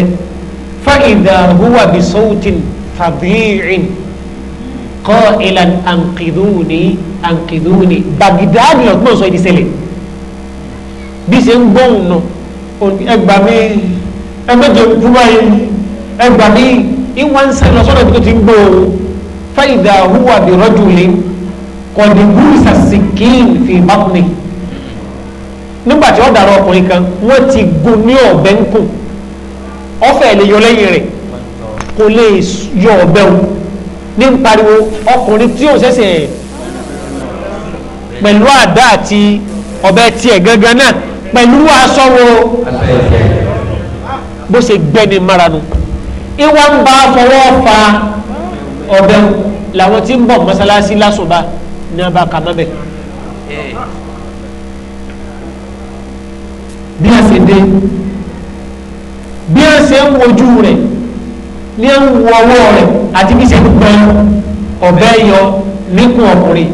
fáìdà húwà bí sọ́wọ́tìn fàbíìn kọ́ ìlànà àǹkìdúnì àǹkìdúnì bàgìdáàdì ọ̀gbọ́n sọ ìdí ṣẹlẹ̀ bí ṣe ń gbóhùn nù ẹgbà mi ẹgbẹ́jọ dúró yìí ẹgbà mi ìwọ̀n ń sẹ́yìn lọ́sọ́dọ̀ tó ti ń gbó o fáìdà húwà bí rọ́jò lé kọ̀dé búrúsà sìkín fi bákùnrin nígbà tí wọ́n dàrọ ọkùnrin kan wọ́n ti gun ní ọ̀bẹ ń kù ọ̀fẹ́ lè yọ lẹ́yìn rẹ̀ kò lè yọ ọ̀bẹ o ní pariwo ọkùnrin tí yóò ṣẹ̀ṣẹ̀ pẹ̀lú àdá àti ọ̀bẹ tiẹ̀ gangan náà pẹ̀lú asọ́wọ́ bó ṣe gbẹ́ni maranu ìwà ń bá fọwọ́ fa ọ̀bẹ làwọn tí ń bọ̀ mọ́sálásí lásùbà ní abá kàmọ́bẹ̀. bí a ṣe dé bí a ṣe ń wojú rẹ̀ ní ń wọ ọwọ́ rẹ̀ àti bí ṣe ń gbẹ ọ̀bẹ yọ níkùn ọkùnrin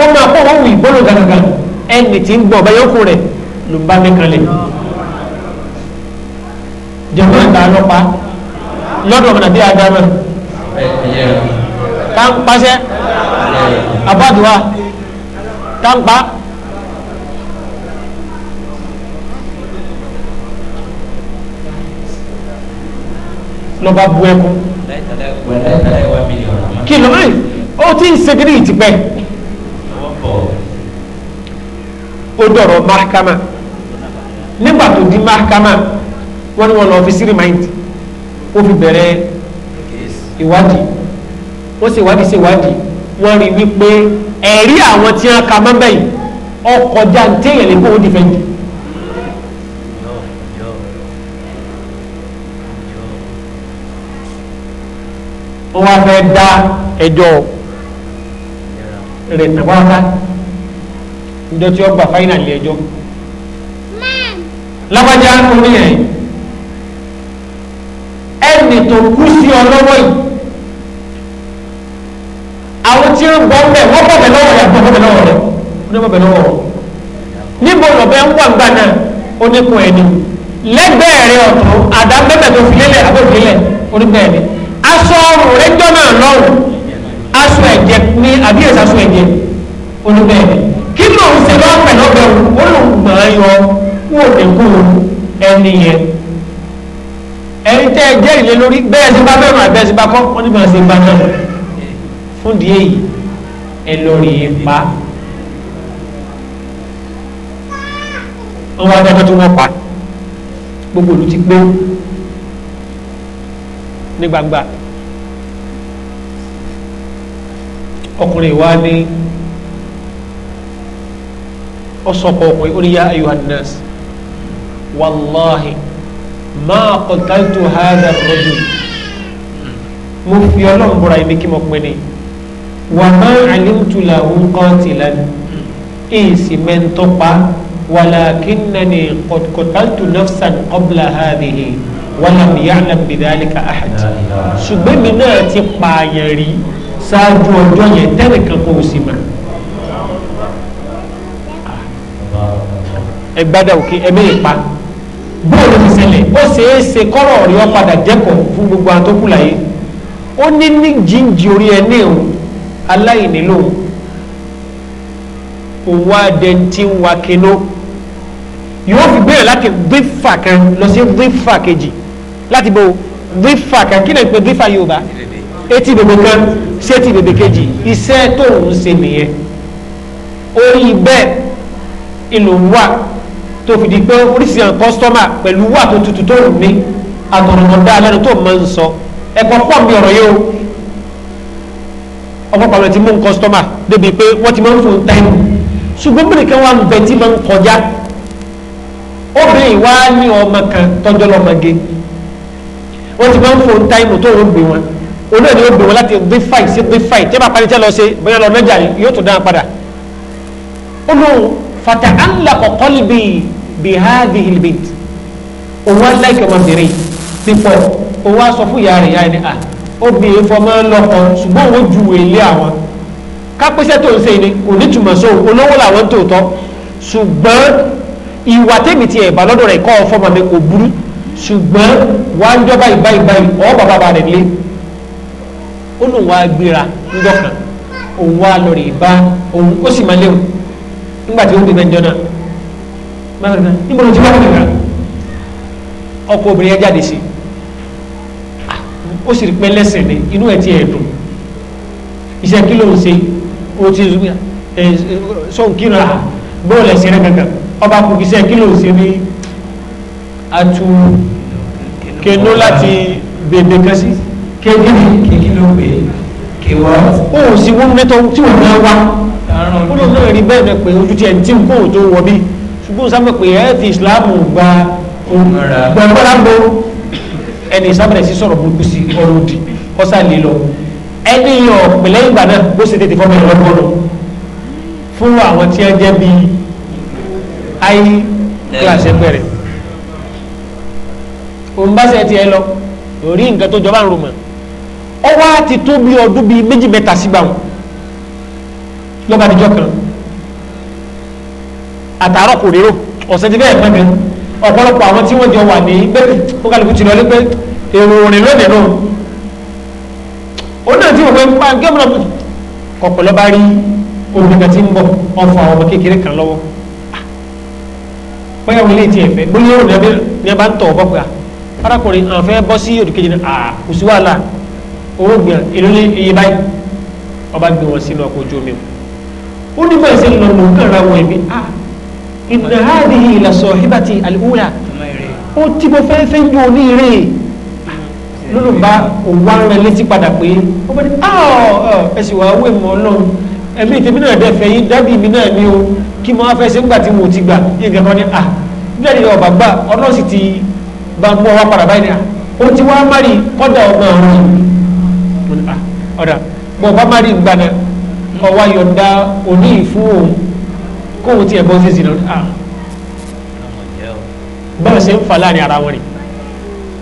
kọ́ máa kó wọn wù ìbọ́lò gàgàgà ẹni tí ń gbọ́ ọba yókù rẹ̀ ló ń bá mi kanlẹ̀ jẹ̀mọ́ ìta lọ́pa lọ́dọ̀ ọ̀nà bí adama tá ń pàṣẹ abádùá tá ń pa. lọba bu ẹkún kí lọ́mọ́ yìí ó ti ń segin ní ìtìpẹ́. ó dọ̀rọ̀ mahkama nígbà tó di mahkama wọ́n ní wọ́n lọ fi sí rìmáìtì ó fi bẹ̀rẹ̀ ìwádìí ó sì wádìí sí ìwádìí wọ́n rí wípé ẹ̀rí àwọn tí wọ́n ka mọ́bẹ̀ yìí ọkọ̀ jáǹtéèyàn lè kó o dìfẹ́ǹdì. wọ́n wá fẹ́ dá ẹjọ́ rẹ̀ tẹ̀wọ́n ká ìjọ tí ó gbà fáyínà lé ẹjọ́ lágbájá orí ẹ̀ ẹni tó kú sí ọ lọ́wọ́ yìí àwọn tí ń bọ́ bẹ́ẹ̀ wọ́n bọ̀ bẹ́ẹ̀ lọ́wọ́ rẹ̀ bọ̀ bẹ́ẹ̀ lọ́wọ́ rẹ̀ wọ́n bọ̀ bẹ́ẹ̀ lọ́wọ́ rẹ̀ níbo lọ́bẹ̀ ń wà gbà náà ó ní kun ẹni lẹ́gbẹ̀ẹ́ rẹ̀ ọ̀tún àdá bẹ́ẹ̀ tó fi lélẹ̀ àbẹ̀fẹ́lẹ̀ onígbẹ̀ẹ́ ni aṣọ ọrùn rẹ̀ jọ náà lọ́rùn aṣọ ẹ̀jẹ̀ ní àbí ẹ̀sà aṣọ ẹ̀jẹ̀ onígbẹ̀ẹ́ ni kí ló ń ṣe lọ́wọ́ pẹ̀lú ọbẹ̀ ó lòun gbọ̀n yọ wọn ò lè kú ẹni yẹn ẹni tẹ́ ẹ jẹ́ ìlé lórí bẹ́ẹ̀ sí bá mẹ́rin àbẹ́ẹ̀ sí bá kọ́ wọ́n ní bá ṣe bá náà fún di èyí ẹ lórí ipa wọ́n wá dájọ́ tí wọ́n pa gbogbo olú pé ní gbangba ọkùnrin wa ní. أصقوق يقول يا أيها الناس والله ما قتلت هذا الرجل مفي الله برايمك مقمني وما علمت له قاتلا إيس من تقى ولكنني قد قتلت نفسا قبل هذه ولم يعلم بذلك أحد ṣùgbọ́n mi náà ساجو pààyàn rí ṣáájú ọjọ́ ẹgbádà òkè ẹmí ìpa bóòlù ti ṣẹlẹ̀ ó ṣeé ṣe kọ́rọ̀ rí ọ padà jẹ́kọ̀ fún gbogbo àwọn tó kù láyé ó ní ní jíǹjì orí ẹ ní òun aláìní lòun òun adẹ́ntì ń wa kinó yóò fi gbé láti dífà kan lọ sí dífà kejì láti bo dífà kan kí lè pe dífà Yorùbá etí bèbè kan sí etí bèbè kejì iṣẹ́ tóun ṣe nìyẹn orí bẹ́ẹ̀ ìlú wà tó fi di pé oríṣiríṣi àwọn kọ́sítọ́mà pẹ̀lú wà tó tutù tó rù ní àtọ̀nàmọ́dá alẹ́nu tó máa ń sọ ẹ̀kọ́ pọ̀ mi ọ̀rọ̀ yìí o ọ̀pọ̀pọ̀ àwọn ti mú kọ́sítọ́mà débi pé wọ́n ti máa ń fún un táìmù ṣùgbọ́n bí nìkan wà ń bẹ tí máa ń kọjá obìnrin wa ní ọmọ kan tọ́jọ́ lọ́mọge wọ́n ti máa ń fún un táìmù tó rò gbé wọn olóyè ni ó gbé wọn láti bí fàì sí bí fàì tí a bá parí tẹ́ lọ sí bóyá lọ mẹ́jà yóò tún dáná padà ó lóun fàtà á ń lakọ̀ kọ́lì bíi bí háàdì ìlbìt òun aláìkẹ́ ọmọbìnrin ti pọ̀ òun wá sọ fún ìyá rẹ̀ ìyá ẹni à ah, obìnrin fọmọ lọ́kọ ṣùgbọ́n òun ju ilé àwọn kápẹ́sẹ́ tó ń ṣe ni kò ní túmọ̀ sóhun olówó làwọn tòótọ́ ṣùgbọ́n ìwà tèmi ti ẹ̀bà lọ́dọ̀ rẹ̀ kọ́ fọmọ mi kò burú ṣùgbọ́n wà jọba ìbá ìbá bàbá bá rẹ̀ lé ó lóun gbéra ńjọ òun wá lọ rè òun ó sì máa léwu nígbà tí ó dé mẹ́jọ náà mẹ́rin níbo ló ti wá kankan ọkọ obìnrin yẹn jáde sí ah, ó sì rí pé lẹ́sìn ni inú ẹ̀ ti ẹ̀ dùn iṣẹ́ kí ló ń ṣe ó ti sọ̀n kí ra bóòlù ẹ̀sìn rẹ̀ ọba kò kí iṣẹ́ kí ló ń ṣe ní atu kenu láti bèbè kan sí kéde kí ló pè é kéwọ́. ó sì wọ́n mi tó tí wọ́n náà wá ó lóun náà rí bẹ́ẹ̀ náà pé ojú tiẹ̀ tí n kò tó wọ bí ṣùgbọ́n sábà pé ẹ ti ìsìláàmù gba gbọ̀ngbọ̀lágbò ẹni ìsábẹ̀rẹ̀ sí sọ̀rọ̀ burúkú sí ọ̀rọ̀ òdì ọ̀sà lílọ ẹni yọ pẹ̀lẹ́ ìgbà náà bó ṣe tètè fọ́mọ ìrọ̀ gbọ́dọ̀ fún àwọn tí ẹ jẹ́ bí ayé kíláàsì pẹ̀rẹ̀ òun bá ṣe ti ẹ lọ orí nǹkan tó jọba ń rò mọ́ ọwọ́ àti tó bí ọdún bíi méjì mẹ́ta sígbà wọn lọ́ba àdìjọ́ kan àtàárọ̀ kò rérò ọ̀sẹ̀ ti bẹ́ẹ̀ pẹ́ẹ́pẹ́ ọ̀pọ̀lọpọ̀ àwọn tí wọ́n jọ wà ní bẹ́ẹ̀ ó kálukú ti lọ lé pé èrò òrìn lónìí nù ó náà tí wọ́n fẹ́ pa gẹ́mọ̀nà kọ̀pọ̀lọ́ bá rí obìnrin tí ń bọ̀ ọ̀fọ̀ àwọn ọmọ kékeré kan lọ́wọ́ bóyá wọlé tiẹ̀ fẹ́ bóyá òun ni a bá ń tọ̀ ọ́ bọ́pẹ́ arákùnrin àwọn bọ́ sí òdìkejì náà à kò sí wàhálà owó gbìyà èlò ní iye báyìí ọba gbé wọn sínú ọkọ̀ ojú omi ó ní bẹ́ẹ̀ sẹ́ni lọ́nà òun wọn ẹ̀mí à ìdá hádìí ìlà sọ̀híbàtì àlùwúlà ó tí mo fẹ́ fẹ́ ju òní rè lónìí bá òwá ń rẹ létí padà pé ó bá ní ah, ah, ẹsìn wàá wé mọ́ ọlọ́run ẹ̀mí ìtẹ̀mí náà dẹ̀ fẹ́ yín dábì mi náà ni o kí mo wá fẹ́ ṣe ń gbà tí mo ti gbà yín kankan ní à nígbà tí ọba gbà ọlọ́run sì ti bá mú ọwọ́ padà báyìí ni à ó ti wá mari kọ́dà ọmọ ọ̀run ah, ọ̀dà bọ̀ bá mari gbàdà ọwọ́ ayọ̀dá òní ìfún òun kóhun tí ẹ̀bọ́n sí sílẹ̀ ah bá ṣe ń fa láàrin ara wọn rẹ̀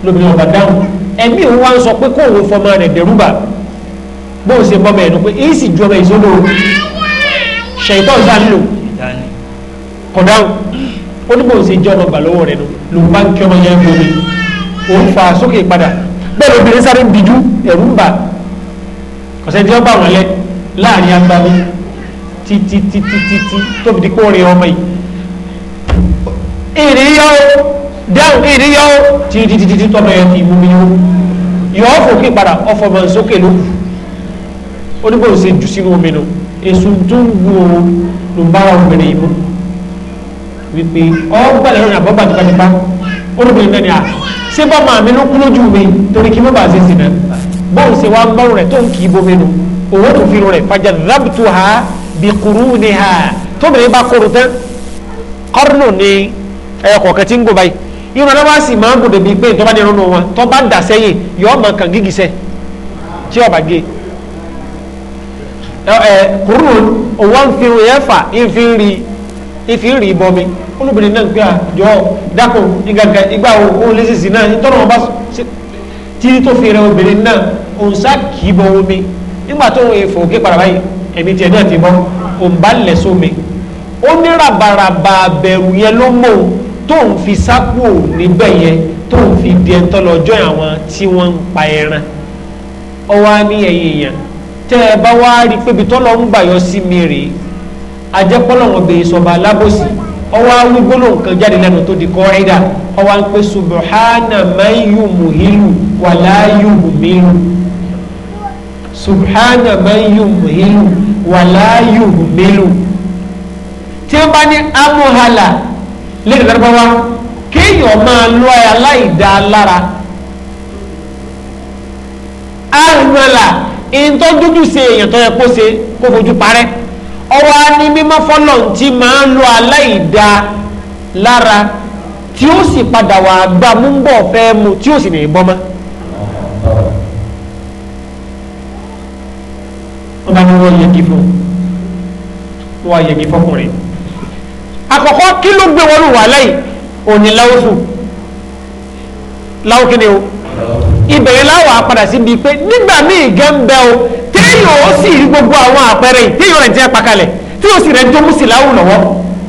lóbìnrin ọba dáhùn ẹ̀mí òun wá ń sọ pé kóhun fọmọ rẹ̀ dẹ̀rúbà bóun ṣe bọ́mọ ẹ̀nu pé èyí sì ju ọmọ ìṣòro ṣèyítọ́ ń sáà lò kọ̀dáhùn ó ní bóun ṣe jẹ́ ọmọ gbà lọ́wọ́ rẹ̀ nù ló bá ń kí ọmọ yẹn bomi òun fa sókè padà bẹ́ẹ̀ lóbìnrin sáré bìdú ẹ̀rú ń bà ọ̀sẹ̀ tí wọ́n bá títí títí títí tóbi di kórin ọmọ yìí ìrìyọ dáhùn ìrìyọ títí títí tọmọ yẹn fi mumi yó yọ ọfọkè padà ọfọmọ nsókè ló onígbò ṣe jù sínú omi nù èso tó ń gbu o ló bá wà obìnrin yìí mú wípé ọgbàlẹ̀ lónìí àbọ̀ bàtìbàtìbà olóbìnrin náà ni à ṣé bá máa mi ló kú lójú mi torí kí n má ṣe sí náà bóun ṣe wá ń bọ́rùn rẹ̀ tó ń kì í bomi nù òwò tó fi rẹ̀ fàjà dábùtù ha bí kúrú ni ha tóbìnrin bá kóró tán kọ́rùnù ni ẹ̀kọ́ kan ti ń gò báyìí irun aláwa sì máa ń gùn débi pé ìtọ́ba ní irun wọn tó bá dà sẹ́yìn yọ ọmọ kan gígìsẹ́ tí ọba gé ẹ kúrú òwò fi ẹ fà ìfi ń rí ìfi ń rí bọmi olóbìnrin náà ń pè àjọ dákò ìgàgà ìgbà òun lè sísì náà nítorí wọn bá tí tó fi rẹ obìnrin náà òun sá kì í bọ omi nígbà tó ń fò gé padà báyìí ẹ̀mí tiẹ̀ náà ti bọ́ òǹbalẹ̀ sómi ó ní ràbàràbà bẹ̀rù yẹn ló mọ̀ tó ń fi sápò níbẹ̀ yẹn tó ń fi di ẹ̀ńtọ́ lọ́jọ́ àwọn tí wọ́n ń pa ẹran ọwọ́ á ní ẹ̀yìn èèyàn tẹ́ ẹ bá wá rí i pé ibi tọ́lọ́ ń gbà sí mi rèé ajẹ́pọ́lọ́wọ́n bèè sọ̀bà alábòsí ọwọ́ awúgbóló nǹkan jáde lẹ́nu tó di kọ́rídà ọwọ́ à ń pè subhana man yumuhilu wala yumuhilu subhana man yumhilu wala yuhmilu tí wọ́n bá ní amúhalà lédè lárúbáwá kéèyàn máa lọ ẹ aláìdá lára ahùnmọ́là ìtọ́jújú ṣe èèyàn tó yẹ kó ṣe kó fojú parẹ́ ọwọ́ ni mímọ́ fọ́lọ̀ tí máa ń lọ aláìdá lára tí ó sì padà wà gbà mú fẹ́ mu tí ó sì ní ìbọn mọ́. wọ́n bá ní wọ́n yẹgi fún un wọ́n yẹgi fọkùnrin. àkọ́kọ́ kí ló gbé wọlé wà lẹ́yìn òní láwùsù láwù kíni o ìbẹ̀rẹ̀ láwọ̀ àpadà sí bíi pé nígbà míì gẹ́ńbẹ́ o téèyàn ó sì rí gbogbo àwọn àpẹẹrẹ yìí téèyàn rẹ̀ ti ẹ̀ pakalẹ̀ tí o sì rẹ̀ ń tó mú sí láwù lọ́wọ́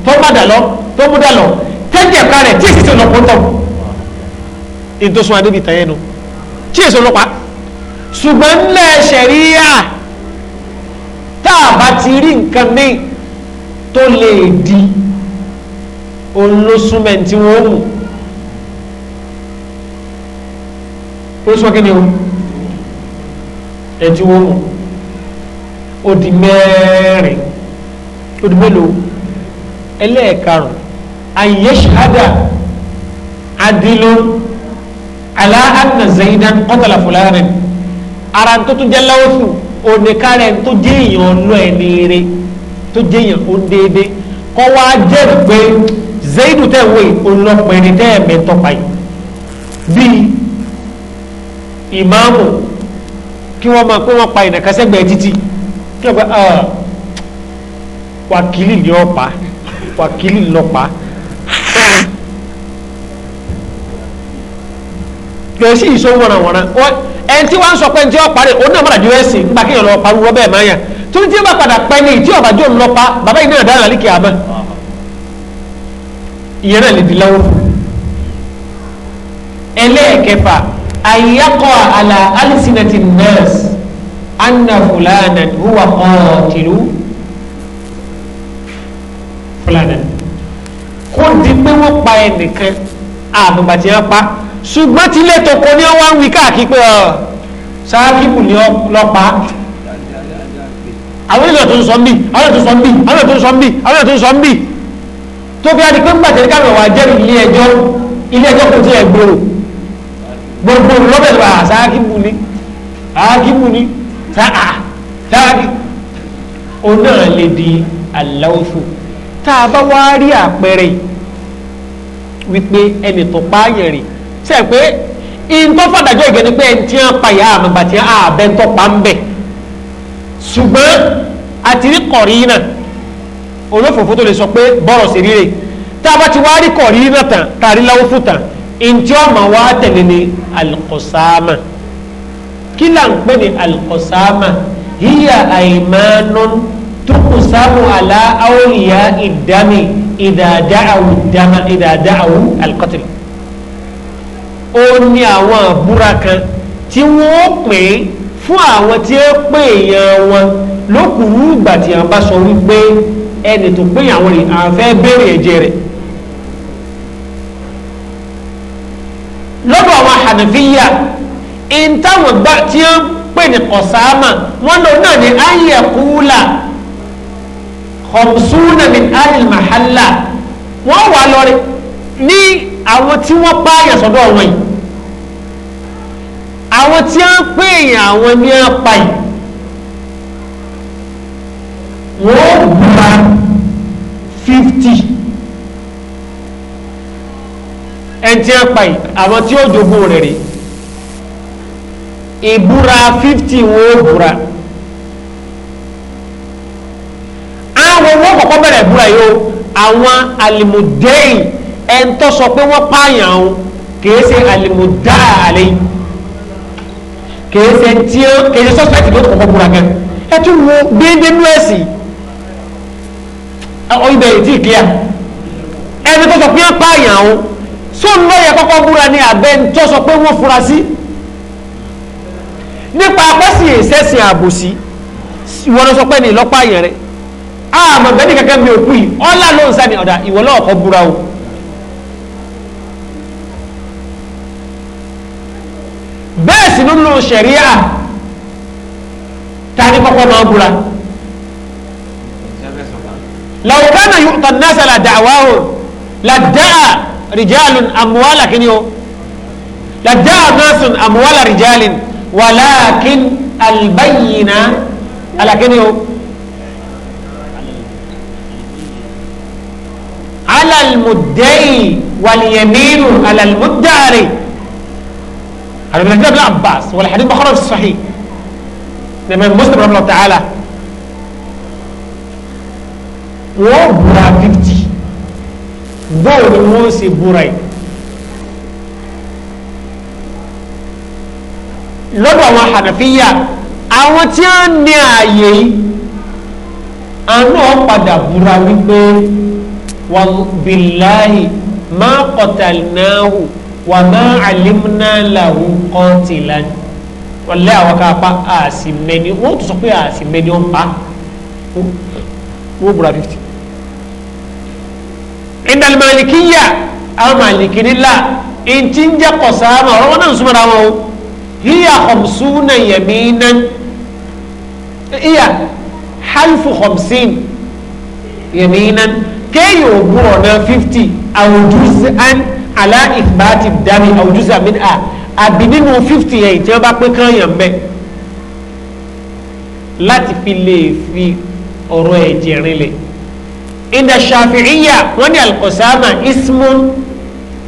tó má dà lọ tó mú dà lọ tẹ́jẹ̀ ká rẹ̀ tí èsì sí ọlọ́pọ̀ tọ̀ ìdósùn adébìtàn yẹn tí èsì ọlọ́pàá ṣùgbọ́n ńlẹ̀ ṣẹ̀ríyà tá a bá ti rí nǹkan míì tó lè di òun ló súnmẹ́ tí wọ́n mú ó ni o ẹtí wọ́n mú ó di mẹ́rin ó di mélòó ẹlẹ́ẹ̀karùn ayéṣáda adilu aláàánà zaidan qatala fúlàrin ara tó tún jẹ́ láwọ́sùn oníkárẹ̀ tó jẹ́ èèyàn ọ̀nà ẹni rẹ̀ tó jẹ́ èèyàn ó déédé kọ́ wá jẹ́ pé zayidu tẹ̀wé olọ́pẹ̀rẹ̀ tẹ́ẹ̀mẹ́ tọ́pa yìí bíi ìmáàmù kí wọ́n máa pé wọ́n pa ìnàkásẹ́gbẹ̀ẹ́ títì kí wọ́n ah, pa wákìlì ni ọ̀pá wákìlì kèsì ìṣòwòrànwòrán ẹni tí wọ́n sọ pé ní tí wọ́n parí òun náà mọ̀ràn ju ẹ̀sìn nígbà kéèyàn lọ parú rọ́bẹ̀ máa yàn tó ní tí wọ́n bá padà pẹ́ ní ìtí ọ̀bà jò ń lọ pa bàbá yìí náà dáhùn àlíkè àmọ́ ìyẹn náà lè di lọ́wọ́ ẹlẹ́ẹ̀kẹfà àyàkọ́ àlà alìsínàtì nọ́ọ̀sì anna fulana huwa qatilu fulana kó di pé wọ́n pa ẹnìkan àbùbàtì yẹn pa ṣùgbọ́n tí ilé tòkó ní ọwọ́ ń wí káàkiri pé ọ sáàkìkù ní ọlọ́pàá àwọn ilé tó ń sọ bí àwọn ilé tó ń sọ bí àwọn ilé tó ń sọ bí àwọn ilé tó ń sọ bí tó fi adi pé ńgbàtẹ́ káwọn wà jẹ́ ilé ẹjọ́ ilé ẹjọ́ kò tí ẹ gbòòrò gbogbo lọ́bẹ̀ lọ́wọ́ sáàkìkù ní sáàkìkù ní sáà sáàkì ó náà lè di aláwòfò tá a bá wá rí àpẹẹrẹ wípé ẹnì tó pààyàn rèé sẹ pé ìntọ́ fàdájọ́ ìgbẹ́ ni pé ẹni tí wọ́n payà àmàgbà tí wọ́n àbẹ̀ ń tọ́pa ń bẹ̀ ṣùgbọ́n àti rí kọ̀rí náà olófòfó tó lè sọ pé bọ́rọ̀ sí rírè tá a bá ti wá rí kọ̀rí náà tán tàrí láwọ́ fún tán ìntí ọmọ wa tẹ̀lé ni alkọsáàmà kí là ń pè ní alkọsáàmà hiya àìmánún tukusamu ala awliya ìdámi ìdàdàáwù ìdàdàáwù alkọtìlì ó ní àwọn àbúra kan tí wọ́n pè é fún àwọn tí ó pè èèyàn wọn lókùnrin ìgbà tí àwọn bá sọ wípé ẹni tó pè àwọn rè àwọn fẹ́ béèrè ẹ̀jẹ̀ rẹ̀ lọ́dọ̀ àwọn Hanafiya in táwọn gbà tí ó pè ní ọ̀sáàmà wọ́n lọ náà ní ayẹ̀kúlà khamsuna min alil mahalla wọ́n wà lọ ní àwọn tí wọ́n pààyàn sọ́dọ̀ wọn yìí àwọn tí a ń pè èèyàn àwọn ní apá yìí wọ́n ó gba fifty ẹni tí a pa yìí àwọn tí ó jogún rẹ̀ rèé ìbúra fifty wọn ó búra àwọn owó kọ̀kọ́ bẹ̀rẹ̀ búra yìí o àwọn alimudẹ́yìn ẹn tó sọ pé wọ́n pààyàn o kìí ṣe àlèmọ̀dá àlè kìí ṣe tí ó kìí ṣe sọ́spẹ̀tì ló kọ̀kọ́ búra gan ẹ tún wo déédéé nú ẹ̀sì ibẹ̀ yìí tí ì kíá ẹni tó sọ pé wọ́n pààyàn o sọ ń lọ́yẹ kọ́kọ́ búra ní abẹ́ ń tó sọ pé wọ́n fura sí nípa apẹ́sì ìṣẹ́sìn àbòsí ìwọ lọ sọ pé ní ìlọ́pàá yẹn rẹ̀ àmọ̀ bẹ́ẹ̀ ni kankan mi ò kú yìí ọ̀là ló ń sá ni ọ̀dà ìwọ lọ́ọ̀kọ́ búra o. nínú ṣẹ̀ríà ta ni kọ́kọ́ máa búra law kana yu'ta an-nasa la da'wahu la da'a rijalun amwala kini o la da'a nasun amwala rijalin walakin albayyina ala kini o ala al-mudda'i wal yaminu ala al-mudda'i هذا من كتاب العباس ولا حديث بخرج في الصحيح لما مسلم رحمه الله تعالى وبرا بيبتي دو الموسي بوراي لما واحد فيا او تيان ياي انا قد برا بيبتي والله ما قتلناه wà má alimna lahu qatilan wọlé àwọn ká pa àsìmẹni wọn tún sọ pé àsìmẹni wọn pa wọn bùra fifty. indal malikiya àwọn màlìkì nílà ntí ń jẹ́ kọ̀sáàmà ọ̀rọ̀ wọn náà ń súnmọ́ ra wọn o hiya khamsuna yaminan hiya halfu khamsin yaminan kéèyàn ò bú ọ̀nà fifty sí án ala ithbati dami aw juz'a min a àbí nínú fifty yẹn tí wọ́n bá pé kán yàn mẹ́ láti fi lè fi ọ̀rọ̀ ẹ̀jẹ̀ rinlẹ̀ inda shafi'iyya wọ́n ní alqasama ismun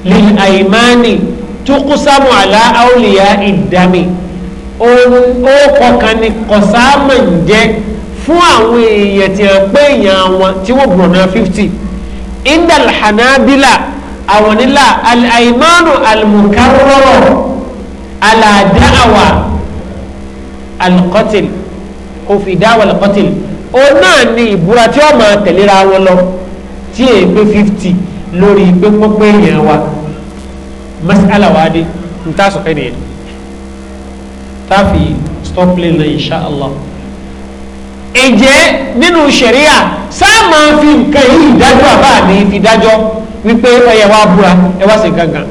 lil aymani tukusamu ala awliya idami ó kọkàn ní kọsáàmù ń jẹ́ fún àwọn èèyàn tí wọ́n pé èèyàn wọn tí wọ́n gbọ̀nà fifty indal hanabila àwọn nílà al-aymanu al-mukarrara ala da'wa al-qatil òfin da'wa al-qatil ó náà ní ìbúra tí wọ́n máa tẹ̀léra wọn lọ tí èyí pé fifty lórí pé pọ́pẹ́ èèyàn wa mas'ala wa dé n ta sọ fẹ́ nìyẹn táfi stop play lọ insha allah ǹjẹ́ nínú ṣẹ̀ríà sáà máa fi nǹkan yìí dájọ́ àbá ní fi dájọ́ wípé ẹ̀yẹ̀ wá búra ẹ wá sí gangan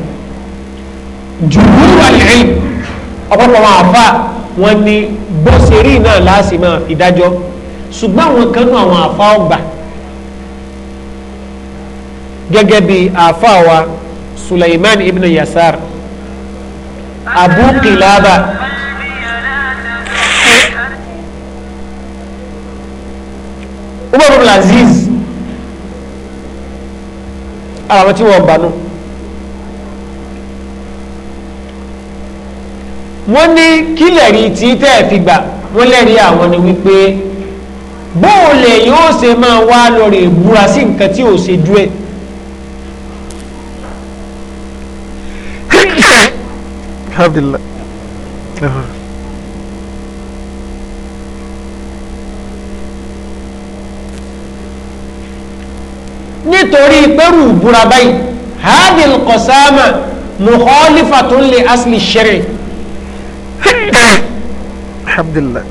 jùlọ àlẹ́rìn ọ̀pọ̀pọ̀ wọn àfa wọn ni bó ṣe rí náà láàṣì máa fi dájọ́ ṣùgbọ́n àwọn kan nú àwọn àfa ọgbà gẹ́gẹ́ bí àfa wa Sulaiman ibn Yasar Abu Qilaba. Umar ibn Aziz ara wọn tí wọ́n banú wọ́n ní kílẹ̀rí tí tẹ́ẹ̀ fi gbà wọ́n lẹ́rí àwọn ni wípé bóòlẹ̀ yóò ṣe máa wá lórí ìbúra sí nǹkan tí ò ṣe jú ẹ̀ nítorí pẹ̀rù búra báyìí hadil qasama mukhalifatun li asli shari. alhamdulillah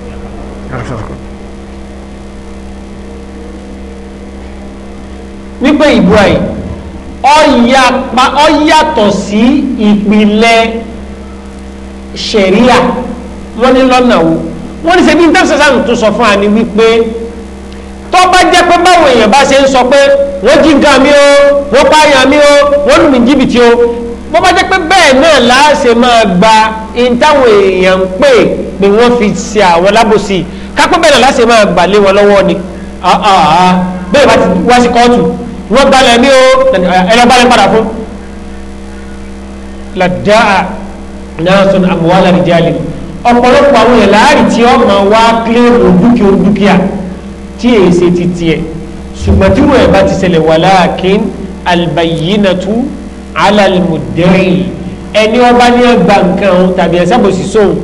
wípé ìbúra yìí ọ yàtọ̀ sí ìpìlẹ̀ ṣẹ̀ríà wọ́n ní lọ́nà wo wọ́n ní sẹ́bí ní tẹ́sán tó sọ fún wa ni wípé tó bá jẹ́ pé báwọn èèyàn bá ṣe ń sọ pé wọ́n jí nǹkan mi o wọ́n pààyàn mi o wọ́n lù mí jìbìtì o bó bá jẹ́ pé bẹ́ẹ̀ náà láàṣẹ máa gba in táwọn èèyàn ń pè pé wọ́n fi ṣe àwọn lábòsí kápẹ́ bẹ́ẹ̀ náà láàṣẹ máa gbà lé wọn lọ́wọ́ ni ah, ah, ah. bẹ́ẹ̀ bá ti wá sí kóòtù wọ́n gbalẹ̀ mi o ẹ̀rọ gbalẹ̀ padà fún. làdáà náà sọ àmúwálà rìjálì ọ̀pọ̀lọpọ̀ àwọn èèyàn láàrì tí ó máa wá kílẹ̀ òdúkìá òdúkìá tí èyí ṣe ti tiẹ̀ ṣùgbọ́n tí wọ́n bá ti ṣẹlẹ̀ walakin albayyinatu ala almudda'i ẹni ọba ní ẹgbà nǹkan ọ̀hún tàbí ẹ̀sàbòsí sóhun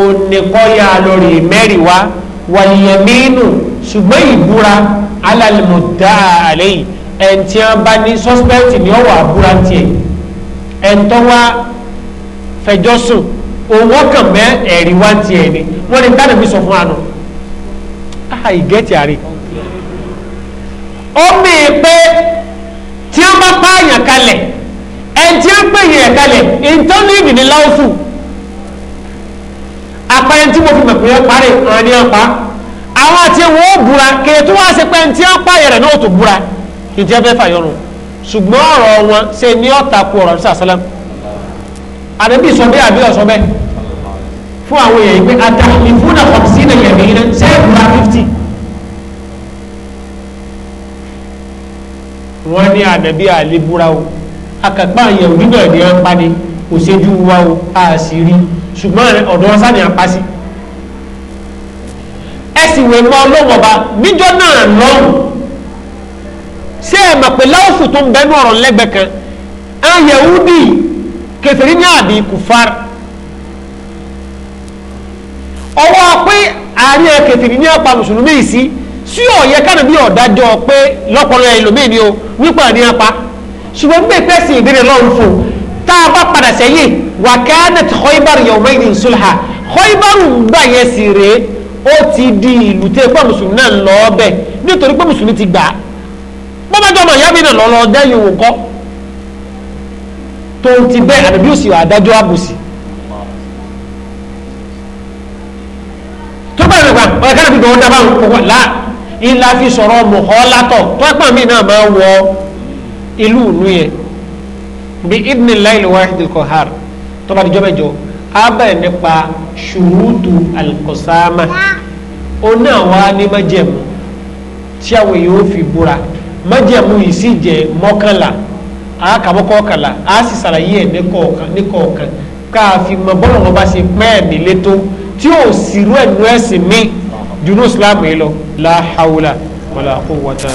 onìkọ́ ya lórí mẹ́rin wá wàlìyẹ̀mínú ṣùgbọ́n ìbúra ala ẹni tí wọ́n bá ní suspect ni ọ̀wà àbúra tiẹ̀ ẹni tó wá fẹjọ́ sùn òun ọkàn mẹ́ ẹ̀rí wá tiẹ̀ ni wọ́n ní tánàbí sọ fún àná àìgẹ́tì ah, àrí ó mìí pé tí wọ́n bá pààyàn kalẹ̀ ẹni tí wọ́n pèèyàn kalẹ̀ ìtọ́nù ìdìní láwùfù apẹ́yẹn tí mo fi mẹ̀kún yẹn parí àwọn ni wọ́n pa àwọn àti wọn ó búra kèrè tó wáá ṣe pé ẹni tí wọ́n pààyàn rẹ̀ náà tó búra kì í jẹ́ fẹ́ fàyọrùn ṣùgbọ́n ọ̀rọ̀ wọn ṣe ní ọ̀tà kú ọ̀rọ̀ ní sàṣálàm àdébí sọ bẹ́ẹ̀ àbí ọ̀sọ́ bẹ́ẹ̀ fún àwọn èèyàn pé adáhùnmí fún àkọsí ilẹ̀ yẹ̀mí rẹ̀ sẹ́ẹ̀kù ra fifty. wọ́n ní ànàbí àlébúra o akàpá àyẹ̀wò nígbà ní wọ́n pa ni kò ṣejú wa o a sì rí ṣùgbọ́n ọ̀dọ́ sani apá sí. ẹ sì wẹ̀ mọ́ ọlọ́wọ́ ba níjọ́ náà lọ́rùn ṣé ẹ mọ̀ pé láwùfù tó ń bẹnu ọ̀rọ̀ lẹ́gbẹ̀ẹ́ kan àyẹ̀wò bíi kẹfẹ́rí ní àbí kùfàrà ọwọ́ pé àárín ẹ̀kẹ̀tìrì ní apá mùsùlùmí yìí sí sí ọ̀yẹ́ kánà bí ọ̀dájọ́ pé lọ́pọ̀lọ́ ẹlòmíì ni o nípa ní apá ṣùgbọ́n gbé pẹ́sì ìbéèrè lọ́run fún un tá a bá padà sẹ́yìn wà kánàtì Khaybar yawmaydin sulha Khaybar gbà yẹn sì rèé ó ti di ìlú tẹ́ pé mùsùlùmí náà lọ ọbẹ̀ nítorí pé mùsùlùmí ti gbà á bọ́bájọ́ ọmọ ìyá mi náà lọ́ọ́ lọ́ọ́ dẹ́yìn òun kọ́ tó ti bẹ́ẹ̀ àdàbí òsì àdájọ́ ọ̀rẹ́ káàdì gbogbo ọ̀dà bá ń kó wà láà ìlà fi sọ̀rọ̀ mọ̀họ́látọ̀ tó ẹ̀pà mí náà máa wọ ìlú ìlú yẹn bí idni láìlì wáhídì kọ̀hár tó bá dijọ́ mẹ́jọ abẹ́ nípa ṣùrùtù alkọ̀sáàmà ó náà wá ní májẹ̀mú tí àwọn èèyàn ó fi búra májẹ̀mú yìí sì jẹ́ mọ́kànlá àákàmọ́ kọ́kànlá á sì ṣàlàyé ẹ̀ ní kọ̀ọ̀kan káà bọ́lọ̀ wọn bá ṣe pẹ́ẹ́ nílé tó tí ò sì rú ẹ̀nu ẹ̀sìn míì junu islam yìí lọ la hawla wala quwwata.